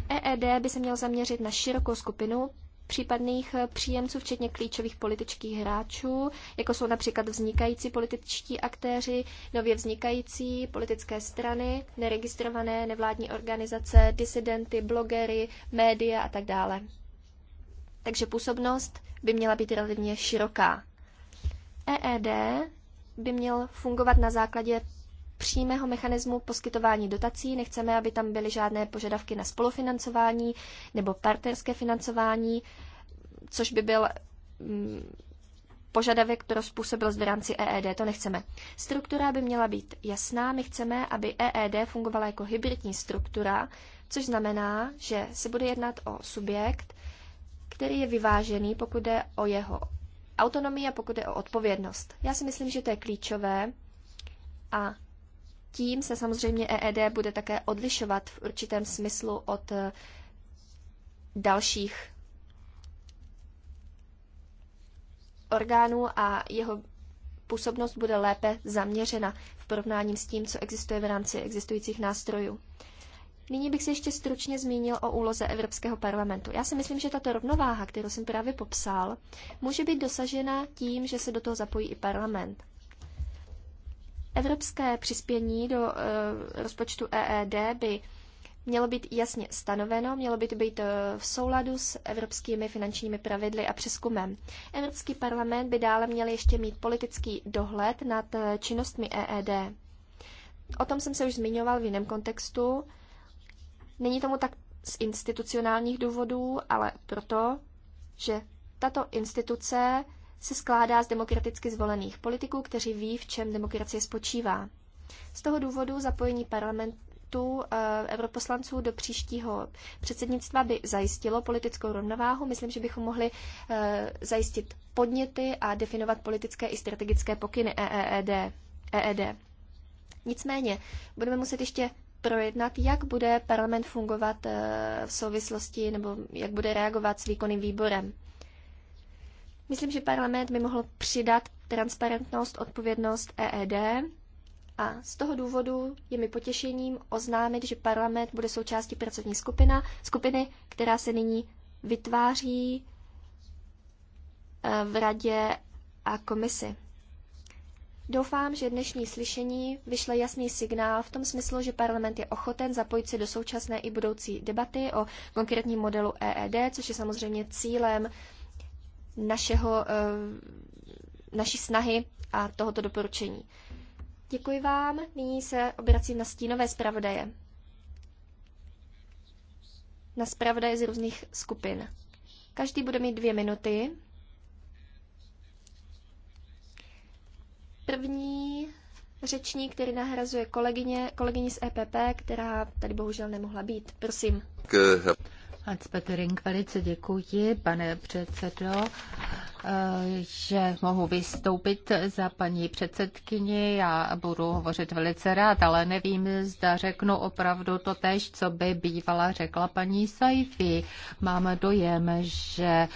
Speaker 3: EED by se měl zaměřit na širokou skupinu případných eh, příjemců, včetně klíčových politických hráčů, jako jsou například vznikající političtí aktéři, nově vznikající politické strany, neregistrované nevládní organizace, disidenty, blogery, média a tak dále. Takže působnost by měla být relativně široká. EED by měl fungovat na základě přímého mechanismu poskytování dotací, nechceme, aby tam byly žádné požadavky na spolufinancování nebo partnerské financování, což by byl mm, požadavek pro způsobilost v rámci EED, to nechceme. Struktura by měla být jasná, my chceme, aby EED fungovala jako hybridní struktura, což znamená, že se bude jednat o subjekt, který je vyvážený, pokud jde o jeho autonomii a pokud jde o odpovědnost. Já si myslím, že to je klíčové a tím se samozřejmě EED bude také odlišovat v určitém smyslu od eh, dalších orgánů a jeho působnost bude lépe zaměřena v porovnání s tím, co existuje v rámci existujících nástrojů. Nyní bych se ještě stručně zmínil o úloze Evropského parlamentu. Já si myslím, že tato rovnováha, kterou jsem právě popsal, může být dosažena tím, že se do toho zapojí i parlament. Evropské přispění do eh, rozpočtu EED by mělo být jasně stanoveno, mělo by to být eh, v souladu s evropskými finančními pravidly a přeskumem. Evropský parlament by dále měl ještě mít politický dohled nad eh, činnostmi EED. O tom jsem se už zmiňoval v jiném kontextu. Není tomu tak z institucionálních důvodů, ale proto, že tato instituce se skládá z demokraticky zvolených politiků, kteří ví, v čem demokracie spočívá. Z toho důvodu zapojení parlamentu eh, europoslanců do příštího předsednictva by zajistilo politickou rovnováhu. Myslím, že bychom mohli eh, zajistit podněty a definovat politické i strategické pokyny EED. E EED. Nicméně budeme muset ještě projednat, jak bude parlament fungovat eh, v souvislosti nebo jak bude reagovat s výkonným výborem. Myslím, že parlament by mohl přidat transparentnost, odpovědnost EED a z toho důvodu je mi potěšením oznámit, že parlament bude součástí pracovní skupina, skupiny, která se nyní vytváří eh, v radě a komisi. Doufám, že dnešní slyšení vyšle jasný signál v tom smyslu, že parlament je ochoten zapojit se do současné i budoucí debaty o konkrétním modelu EED, což je samozřejmě cílem našeho, eh, naší snahy a tohoto doporučení. Děkuji vám. Nyní se obracím na stínové zpravodaje. Na zpravodaje z různých skupin. Každý bude mít dvě minuty. První řečník, který nahrazuje kolegyně, kolegyni z EPP, která tady bohužel nemohla být.
Speaker 1: Prosím. K... Hans Petering, velice děkuji, pane předsedo že mohu vystoupit za paní předsedkyni. Já budu hovořit velice rád, ale nevím, zda řeknu opravdu to tež, co by bývala řekla paní Saifi. Máme dojem, že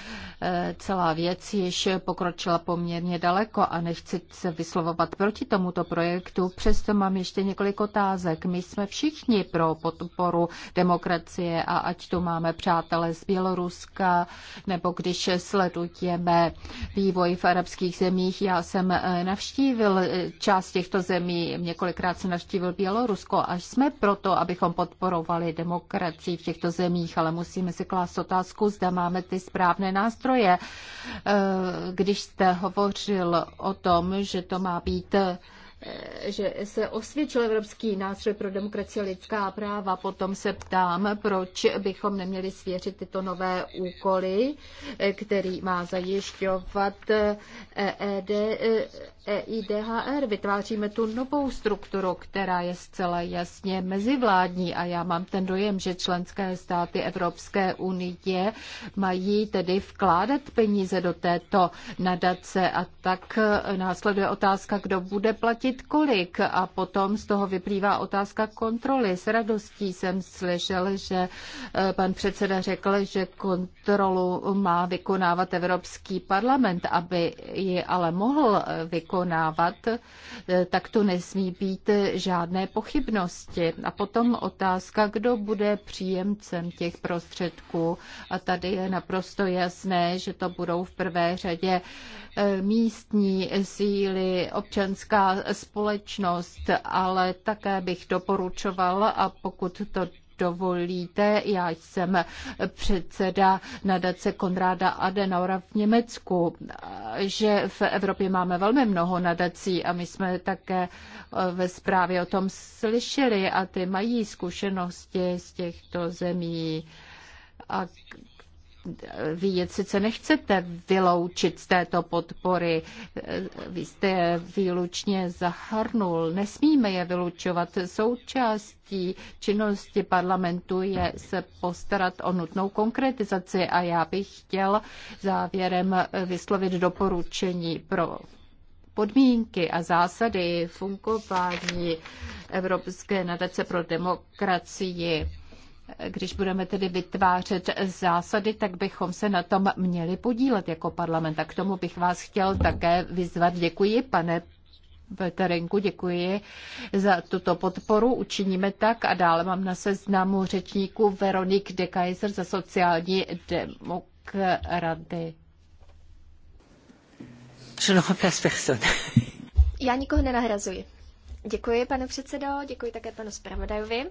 Speaker 1: eh, celá věc již pokročila poměrně daleko a nechci se vyslovovat proti tomuto projektu. Přesto mám ještě několik otázek. My jsme všichni pro podporu demokracie a ať tu máme přátelé z Běloruska, nebo když sledujeme vývoj v arabských zemích. Já jsem eh, navštívil eh, část těchto zemí, několikrát jsem navštívil Bělorusko, až jsme proto, abychom podporovali demokracii v těchto zemích, ale musíme si klást otázku, zda máme ty správné nástroje. Eh, když jste hovořil o tom, že to má být Eh, že se osvědčil Evropský nástroj pro demokracii a lidská práva. Potom se ptám, proč bychom neměli svěřit tyto nové úkoly, eh, který má zajišťovat eh, EED EIDHR. Vytváříme tu novou strukturu, která je zcela jasně mezivládní a já mám ten dojem, že členské státy Evropské unie mají tedy vkládat peníze do této nadace a tak následuje otázka, kdo bude platit kolik a potom z toho vyplývá otázka kontroly. S radostí jsem slyšel, že e, pan předseda řekl, že kontrolu má vykonávat Evropský parlament, aby ji ale mohl vykonávat vykonávat, eh, tak to nesmí být žádné pochybnosti. A potom otázka, kdo bude příjemcem těch prostředků. A tady je naprosto jasné, že to budou v prvé řadě eh, místní síly, občanská společnost, ale také bych doporučoval, a pokud to dovolíte, já jsem předseda nadace Konráda Adenaura v Německu, že v Evropě máme velmi mnoho nadací a my jsme také eh, ve zprávě o tom slyšeli a ty mají zkušenosti z těchto zemí. A Vědět sice nechcete vyloučit z této podpory, vy jste je výlučně zahrnul. Nesmíme je vylučovat. Součástí činnosti parlamentu je se postarat o nutnou konkretizaci a já bych chtěl závěrem vyslovit doporučení pro podmínky a zásady fungování Evropské nadace pro demokracii když budeme tedy vytvářet zásady, tak bychom se na tom měli podílet jako parlament. A k tomu bych vás chtěl také vyzvat. Děkuji, pane veterinku. děkuji za tuto podporu. Učiníme tak a dále mám na seznamu řečníků Veronik de Kaiser za sociální demokraty. Já
Speaker 3: nikoho nenahrazuji. Děkuji, pane předsedo, děkuji také panu zpravodajovi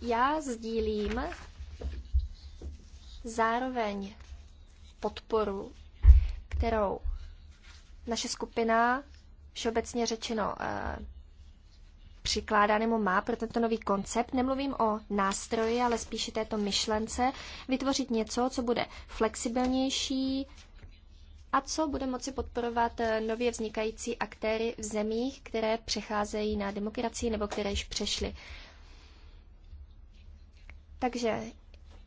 Speaker 3: Já sdílím zároveň podporu, kterou naše skupina všeobecně řečeno eh, přikládá nebo má pro tento nový koncept. Nemluvím o nástroji, ale spíše této myšlence vytvořit něco, co bude flexibilnější a co bude moci podporovat eh, nově vznikající aktéry v zemích, které přecházejí na demokracii nebo které již přešly. Takže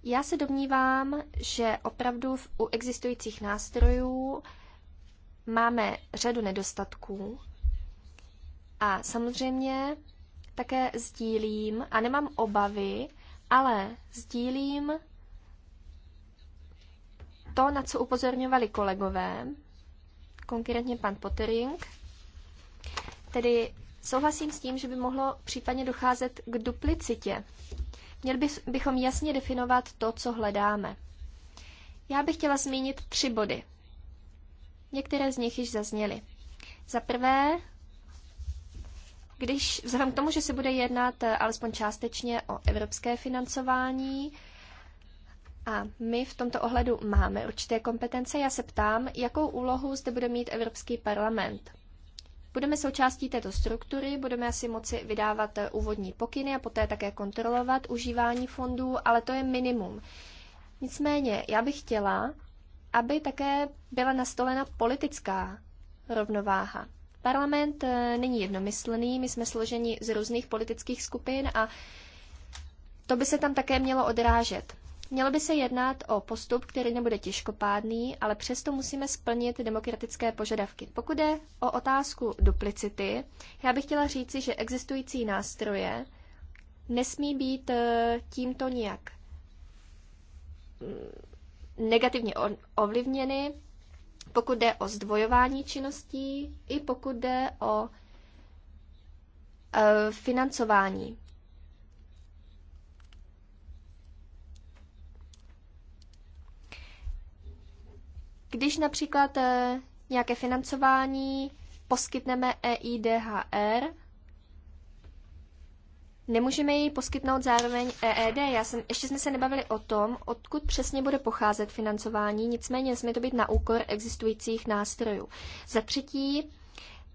Speaker 3: já se domnívám, že opravdu u existujících nástrojů máme řadu nedostatků a samozřejmě také sdílím, a nemám obavy, ale sdílím to, na co upozorňovali kolegové, konkrétně pan Pottering, tedy souhlasím s tím, že by mohlo případně docházet k duplicitě Měli bychom jasně definovat to, co hledáme. Já bych chtěla zmínit tři body. Některé z nich již zazněly. Za prvé, když vzhledem k tomu, že se bude jednat eh, alespoň částečně o evropské financování, a my v tomto ohledu máme určité kompetence. Já se ptám, jakou úlohu zde bude mít Evropský parlament. Budeme součástí této struktury, budeme asi moci vydávat eh, úvodní pokyny a poté také kontrolovat užívání fondů, ale to je minimum. Nicméně, já bych chtěla, aby také byla nastolena politická rovnováha. Parlament eh, není jednomyslný, my jsme složeni z různých politických skupin a to by se tam také mělo odrážet. Mělo by se jednat o postup, který nebude těžkopádný, ale přesto musíme splnit demokratické požadavky. Pokud je o otázku duplicity, já bych chtěla říci, že existující nástroje nesmí být eh, tímto nijak
Speaker 1: mm,
Speaker 3: negativně ovlivněny, pokud jde o zdvojování činností i pokud jde o eh, financování. Když například eh, nějaké financování poskytneme EIDHR, nemůžeme ji poskytnout zároveň EED. Já jsem, ještě jsme se nebavili o tom, odkud přesně bude pocházet financování, nicméně jsme to být na úkor existujících nástrojů. Za třetí,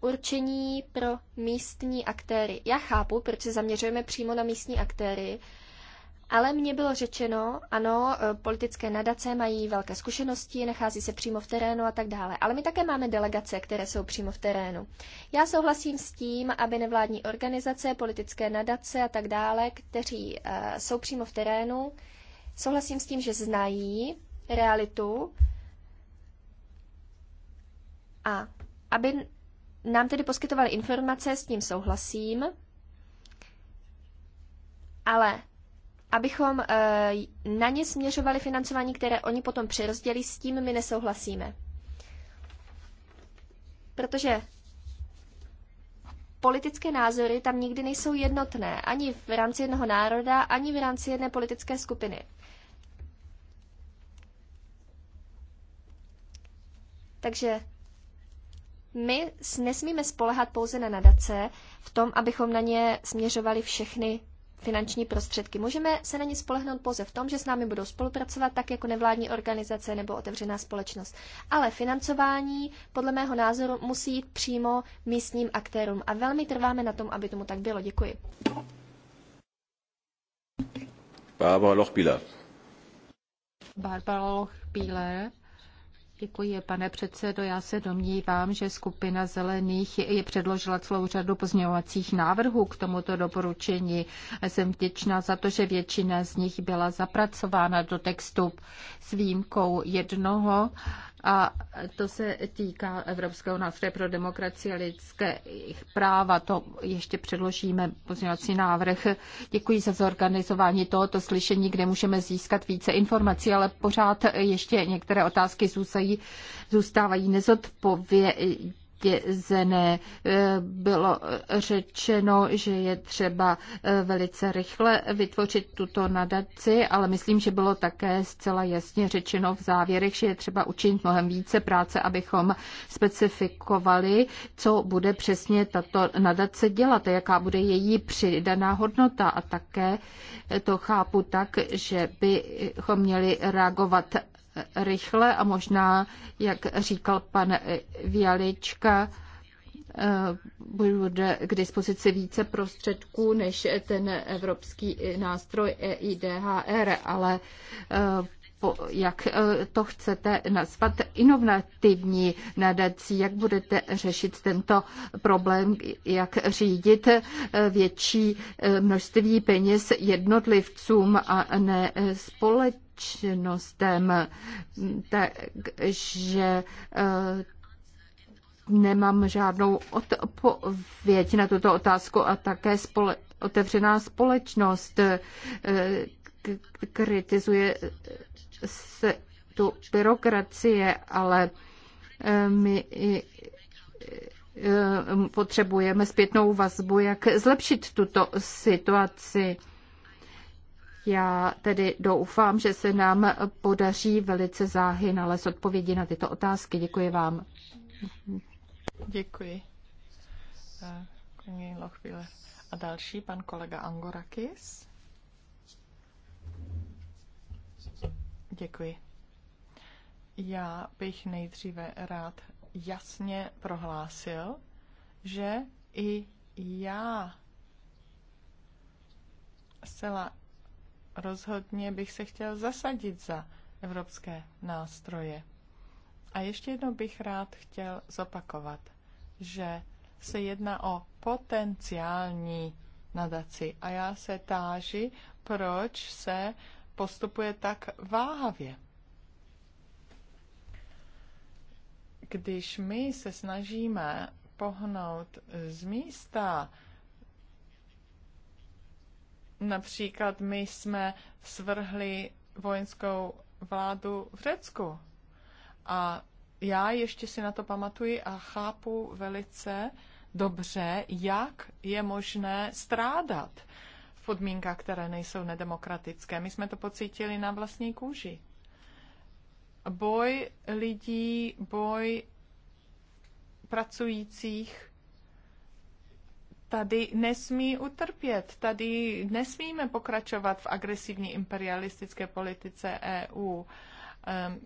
Speaker 3: určení pro místní aktéry. Já chápu, proč se zaměřujeme přímo na místní aktéry, ale mně bylo řečeno, ano, e, politické nadace mají velké zkušenosti, nachází se přímo v terénu a tak dále. Ale my také máme delegace, které jsou přímo v terénu. Já souhlasím s tím, aby nevládní organizace, politické nadace a tak dále, kteří uh, jsou přímo v terénu, souhlasím s tím, že znají realitu a aby nám tedy poskytovali informace, s tím souhlasím, ale abychom eh, na ně směřovali financování, které oni potom přerozdělí, s tím my nesouhlasíme. Protože politické názory tam nikdy nejsou jednotné, ani v rámci jednoho národa, ani v rámci jedné politické skupiny. Takže my nesmíme spolehat pouze na nadace v tom, abychom na ně směřovali všechny finanční prostředky. Můžeme se na ně spolehnout pouze v tom, že s námi budou spolupracovat tak jako nevládní organizace nebo otevřená společnost. Ale financování podle mého názoru musí jít přímo místním aktérům a velmi trváme na tom, aby tomu tak bylo. Děkuji.
Speaker 1: Barbara Lochbíler. Barbara Lochbíler. Děkuji, pane předsedo. Já se domnívám, že skupina zelených je předložila celou řadu pozměňovacích návrhů k tomuto doporučení. Jsem vděčná za to, že většina z nich byla zapracována do textu s výjimkou jednoho, a to se týká Evropského nástroje pro demokracii a lidské práva. To ještě předložíme pozměňovací návrh. Děkuji za zorganizování tohoto slyšení, kde můžeme získat více informací, ale pořád ještě některé otázky zůstají, zůstávají nezodpovědné zvítězené. Eh, bylo řečeno, že je třeba eh, velice rychle vytvořit tuto nadaci, ale myslím, že bylo také zcela jasně řečeno v závěrech, že je třeba učinit mnohem více práce, abychom specifikovali, co bude přesně tato nadace dělat, jaká bude její přidaná hodnota a také to chápu tak, že bychom měli reagovat rychle a možná, jak říkal pan Vialička, eh, bude k dispozici více prostředků než ten evropský nástroj EIDHR, ale eh, jak eh, to chcete nazvat inovativní nadací, jak budete řešit tento problém, jak řídit větší množství peněz jednotlivcům a ne společně činnostem, takže eh, nemám žádnou odpověď na tuto otázku a také spole- otevřená společnost eh, kritizuje se tu byrokracie, ale eh, my potřebujeme zpětnou vazbu, jak zlepšit tuto situaci. Já tedy doufám, že se nám podaří velice záhy nalézt odpovědi na tyto otázky. Děkuji vám.
Speaker 2: Děkuji. A další, pan kolega Angorakis. Děkuji. Já bych nejdříve rád jasně prohlásil, že i já zcela rozhodně bych se chtěl zasadit za evropské nástroje. A ještě jednou bych rád chtěl zopakovat, že se jedná o potenciální nadaci. A já se táži, proč se postupuje tak váhavě. Když my se snažíme pohnout z místa, Například my jsme svrhli vojenskou vládu v Řecku. A já ještě si na to pamatuji a chápu velice dobře, jak je možné strádat v podmínkách, které nejsou nedemokratické. My jsme to pocítili na vlastní kůži. Boj lidí, boj pracujících tady nesmí utrpět, tady nesmíme pokračovat v agresivní imperialistické politice EU. Ehm,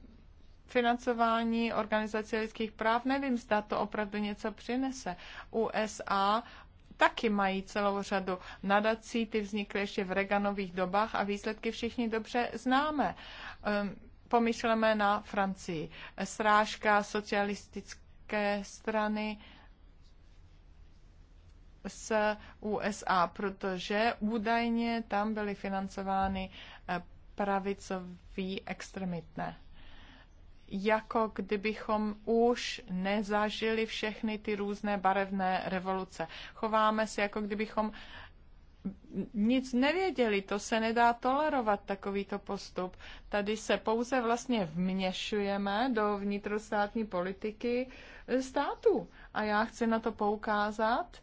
Speaker 2: financování organizace lidských práv, nevím, zda to opravdu něco přinese. USA taky mají celou řadu nadací, ty vznikly ještě v Reaganových dobách a výsledky všichni dobře známe. Ehm, pomyšleme na Francii. Srážka socialistické strany, s USA, protože údajně tam byly financovány eh, pravicový extremitné. Jako kdybychom už nezažili všechny ty různé barevné revoluce. Chováme se, jako kdybychom nic nevěděli, to se nedá tolerovat, takovýto postup. Tady se pouze vlastně vměšujeme do vnitrostátní politiky státu. A já chci na to poukázat,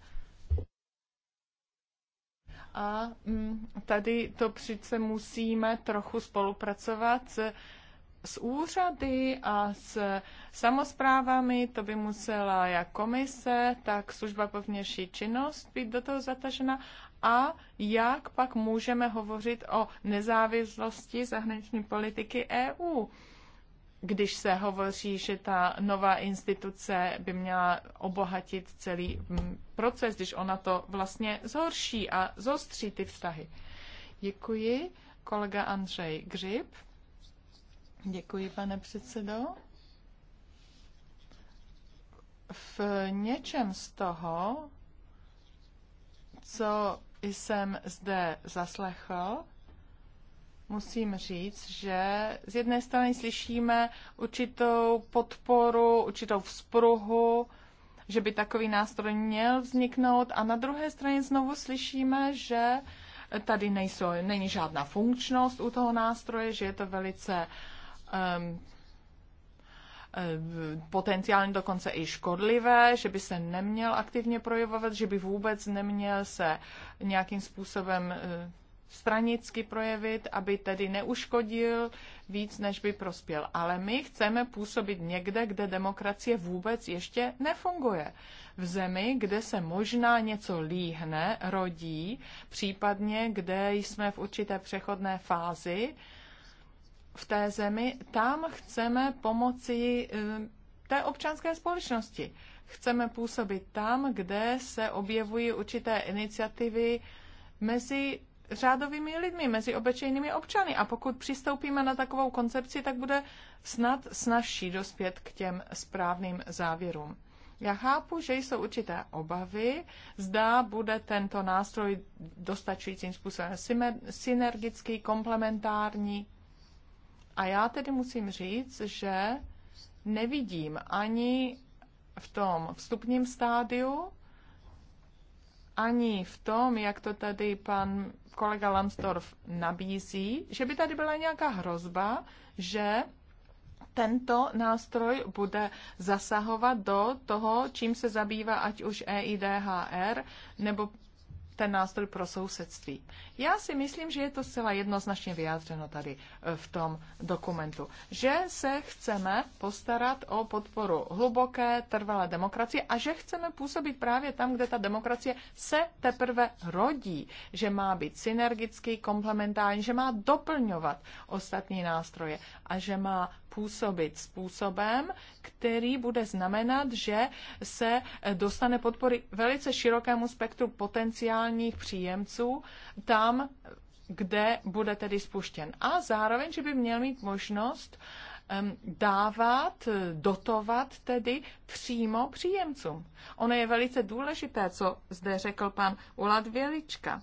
Speaker 2: a mm, tady to přece musíme trochu spolupracovat s, s úřady a s samozprávami, to by musela jak komise, tak služba po vnější činnost být do toho zatažena a jak pak můžeme hovořit o nezávislosti zahraniční politiky EU když se hovoří, že ta nová instituce by měla obohatit celý mm, proces, když ona to vlastně zhorší a zostří ty vztahy. Děkuji, kolega Andřej Grip. Děkuji, pane předsedo. V něčem z toho, co jsem zde zaslechl, musím říct, že z jedné strany slyšíme určitou podporu, určitou vzpruhu, že by takový nástroj měl vzniknout a na druhé straně znovu slyšíme, že tady nejsou, není žádná funkčnost u toho nástroje, že je to velice um, potenciálně dokonce i škodlivé, že by se neměl aktivně projevovat, že by vůbec neměl se nějakým způsobem uh, stranicky projevit, aby tedy neuškodil víc, než by prospěl. Ale my chceme působit někde, kde demokracie vůbec ještě nefunguje. V zemi, kde se možná něco líhne, rodí, případně kde jsme v určité přechodné fázi, v té zemi, tam chceme pomoci eh, té občanské společnosti. Chceme působit tam, kde se objevují určité iniciativy mezi řádovými lidmi, mezi obyčejnými občany. A pokud přistoupíme na takovou koncepci, tak bude snad snažší dospět k těm správným závěrům. Já chápu, že jsou určité obavy, zda bude tento nástroj dostačujícím způsobem synergický, komplementární. A já tedy musím říct, že nevidím ani v tom vstupním stádiu, ani v tom, jak to tady pan kolega Lansdorf nabízí, že by tady byla nějaká hrozba, že tento nástroj bude zasahovat do toho, čím se zabývá ať už EIDHR nebo ten nástroj pro sousedství. Já si myslím, že je to zcela jednoznačně vyjádřeno tady e, v tom dokumentu, že se chceme postarat o podporu hluboké, trvalé demokracie a že chceme působit právě tam, kde ta demokracie se teprve rodí, že má být synergický, komplementární, že má doplňovat ostatní nástroje a že má působit způsobem, který bude znamenat, že se dostane podpory velice širokému spektru potenciálních příjemců tam, kde bude tedy spuštěn. A zároveň, že by měl mít možnost dávat, dotovat tedy přímo příjemcům. Ono je velice důležité, co zde řekl pan Ulad Vělička.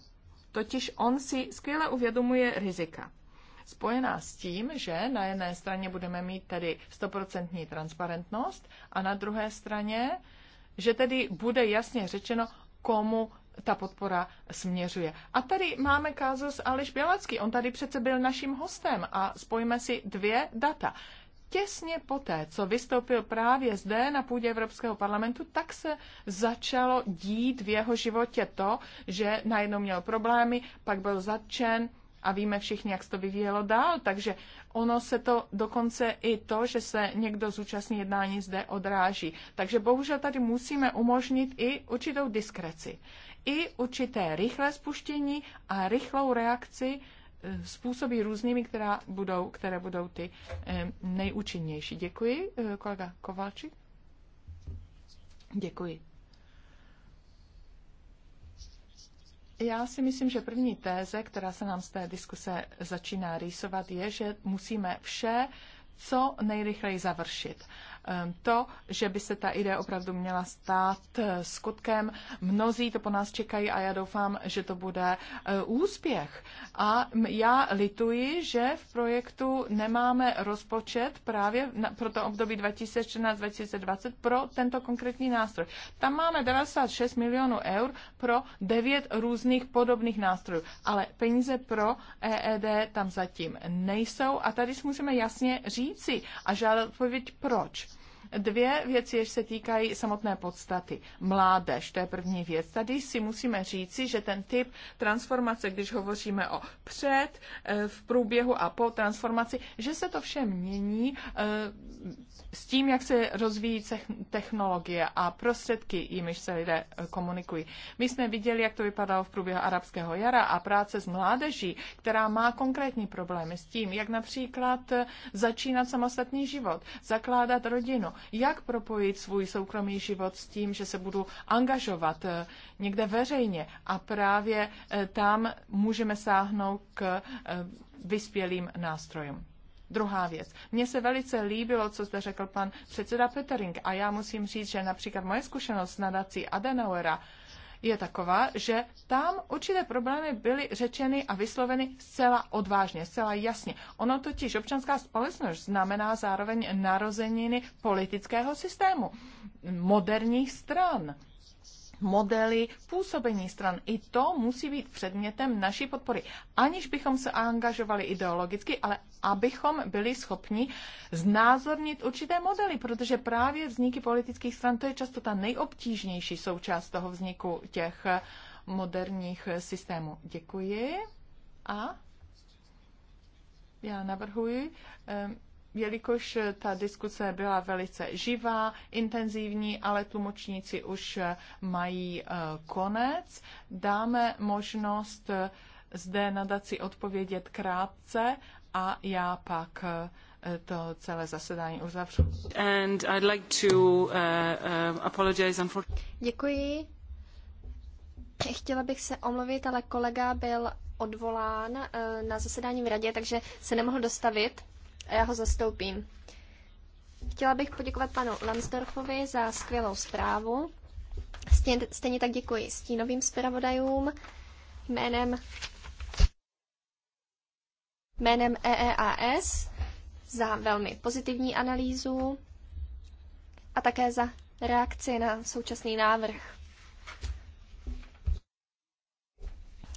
Speaker 2: Totiž on si skvěle uvědomuje rizika spojená s tím, že na jedné straně budeme mít tedy stoprocentní transparentnost a na druhé straně, že tedy bude jasně řečeno, komu ta podpora směřuje. A tady máme kázus Aleš Bělacký. On tady přece byl naším hostem a spojíme si dvě data. Těsně poté, co vystoupil právě zde na půdě Evropského parlamentu, tak se začalo dít v jeho životě to, že najednou měl problémy, pak byl zatčen, a víme všichni, jak se to vyvíjelo dál, takže ono se to dokonce i to, že se někdo zúčastní jednání zde odráží. Takže bohužel tady musíme umožnit i určitou diskreci, i určité rychlé spuštění a rychlou reakci eh, způsobí různými, která budou, které budou ty eh, nejúčinnější. Děkuji, eh, kolega Kovalčík. Děkuji. Já si myslím, že první téze, která se nám z té diskuse začíná rýsovat, je, že musíme vše co nejrychleji završit. Ehm, to, že by se ta idea opravdu měla stát eh, skutkem. Mnozí to po nás čekají a já doufám, že to bude eh, úspěch. A já lituji, že v projektu nemáme rozpočet právě pro to období 2014-2020 pro tento konkrétní nástroj. Tam máme 96 milionů eur pro devět různých podobných nástrojů, ale peníze pro EED tam zatím nejsou a tady si musíme jasně říci a žádat odpověď proč. Dvě věci, jež se týkají samotné podstaty. Mládež, to je první věc. Tady si musíme říci, že ten typ transformace, když hovoříme o před, eh, v průběhu a po transformaci, že se to vše mění eh, s tím, jak se rozvíjí technologie a prostředky, jimiž se lidé eh, komunikují. My jsme viděli, jak to vypadalo v průběhu arabského jara a práce s mládeží, která má konkrétní problémy s tím, jak například eh, začínat samostatný život, zakládat rodinu, jak propojit svůj soukromý život s tím, že se budu angažovat eh, někde veřejně. A právě tam můžeme sáhnout k vyspělým nástrojům. Druhá věc. Mně se velice líbilo, co zde řekl pan předseda Petering a já musím říct, že například moje zkušenost s nadací Adenauera je taková, že tam určité problémy byly řečeny a vysloveny zcela odvážně, zcela jasně. Ono totiž občanská společnost znamená zároveň narozeniny politického systému, moderních stran modely působení stran. I to musí být předmětem naší podpory. Aniž bychom se angažovali ideologicky, ale abychom byli schopni znázornit určité modely, protože právě vzniky politických stran to je často ta nejobtížnější součást toho vzniku těch moderních systémů. Děkuji. A já navrhuji eh, jelikož ta diskuse byla velice živá, intenzivní, ale tlumočníci už mají eh, konec, dáme možnost eh, zde nadaci odpovědět krátce a já pak eh, to celé zasedání uzavřu. And I'd like to uh, uh, apologize for...
Speaker 3: Děkuji. Chtěla bych se omluvit, ale kolega byl odvolán uh, na zasedání v radě, takže se nemohl dostavit a já ho zastoupím. Chtěla bych poděkovat panu Lansdorfovi za skvělou zprávu. Stejně, tak děkuji stínovým zpravodajům jménem, jménem EEAS za velmi pozitivní analýzu a také za reakci na současný návrh.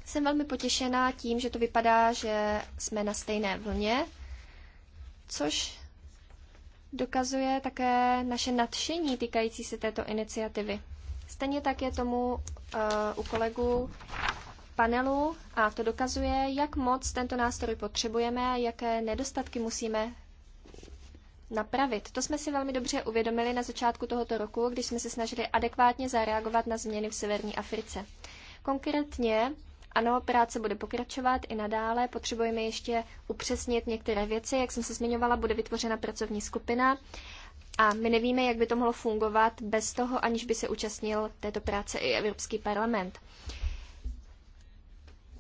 Speaker 3: Jsem velmi potěšená tím, že to vypadá, že jsme na stejné vlně což dokazuje také naše nadšení týkající se této iniciativy. Stejně tak je tomu uh, u kolegů panelu a to dokazuje, jak moc tento nástroj potřebujeme a jaké nedostatky musíme napravit. To jsme si velmi dobře uvědomili na začátku tohoto roku, když jsme se snažili adekvátně zareagovat na změny v severní Africe. Konkrétně ano, práce bude pokračovat i nadále. Potřebujeme ještě upřesnit některé věci. Jak jsem se zmiňovala, bude vytvořena pracovní skupina a my nevíme, jak by to mohlo fungovat bez toho, aniž by se účastnil této práce i Evropský parlament.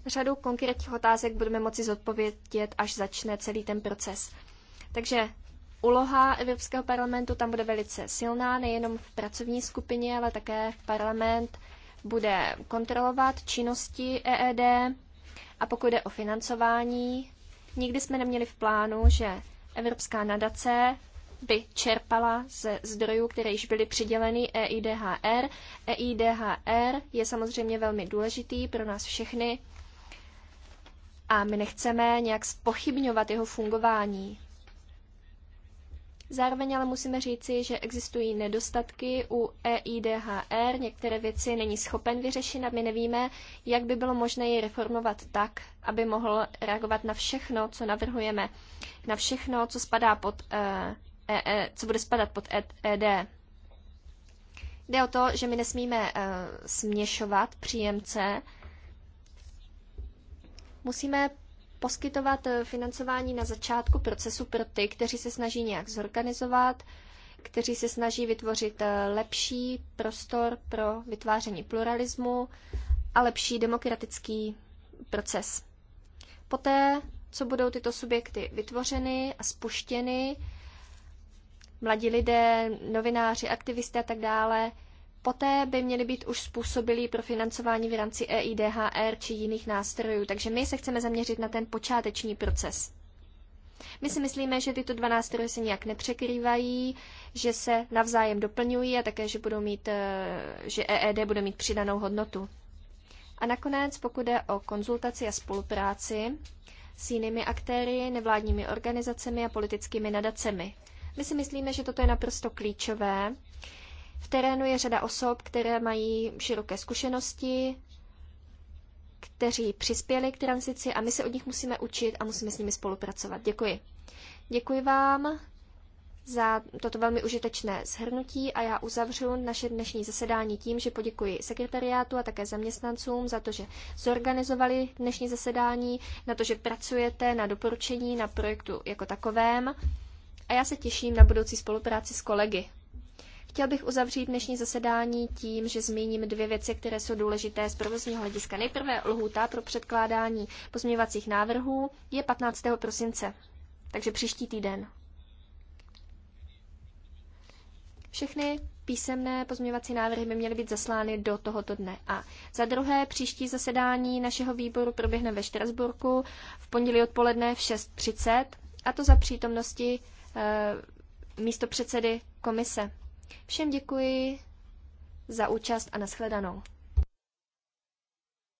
Speaker 3: Řadu konkrétních otázek budeme moci zodpovědět, až začne celý ten proces. Takže úloha Evropského parlamentu tam bude velice silná, nejenom v pracovní skupině, ale také parlament bude kontrolovat činnosti EED a pokud jde o financování, nikdy jsme neměli v plánu, že Evropská nadace by čerpala ze zdrojů, které již byly přiděleny EIDHR. EIDHR je samozřejmě velmi důležitý pro nás všechny a my nechceme nějak spochybňovat jeho fungování. Zároveň ale musíme říci, že existují nedostatky u EIDHR, některé věci není schopen vyřešit a my nevíme, jak by bylo možné ji reformovat tak, aby mohl reagovat na všechno, co navrhujeme, na všechno, co spadá pod EE, eh, e, co bude spadat pod ED. E Jde o to, že my nesmíme eh, směšovat příjemce, musíme poskytovat eh, financování na začátku procesu pro ty, kteří se snaží nějak zorganizovat, kteří se snaží vytvořit eh, lepší prostor pro vytváření pluralismu a lepší demokratický proces. Poté, co budou tyto subjekty vytvořeny a spuštěny, mladí lidé, novináři, aktivisté a tak dále poté by měly být už způsobilí pro financování v rámci EIDHR či jiných nástrojů. Takže my se chceme zaměřit na ten počáteční proces. My si myslíme, že tyto dva nástroje se nijak nepřekrývají, že se navzájem doplňují a také, že, budou mít, eh, že EED bude mít přidanou hodnotu. A nakonec, pokud jde o konzultaci a spolupráci s jinými aktéry, nevládními organizacemi a politickými nadacemi. My si myslíme, že toto je naprosto klíčové, v terénu je řada osob, které mají široké zkušenosti, kteří přispěli k tranzici a my se od nich musíme učit a musíme s nimi spolupracovat. Děkuji. Děkuji vám za toto velmi užitečné shrnutí a já uzavřu naše dnešní zasedání tím, že poděkuji sekretariátu a také zaměstnancům za to, že zorganizovali dnešní zasedání, na to, že pracujete na doporučení, na projektu jako takovém a já se těším na budoucí spolupráci s kolegy. Chtěl bych uzavřít dnešní zasedání tím, že zmíním dvě věci, které jsou důležité z provozního hlediska. Nejprve lhůta pro předkládání pozměňovacích návrhů je 15. prosince, takže příští týden. Všechny písemné pozměňovací návrhy by měly být zaslány do tohoto dne. A za druhé, příští zasedání našeho výboru proběhne ve Štrasburku v pondělí odpoledne v 6.30, a to za přítomnosti e,
Speaker 1: eh,
Speaker 3: místo předsedy komise Všem děkuji za účast a nashledanou.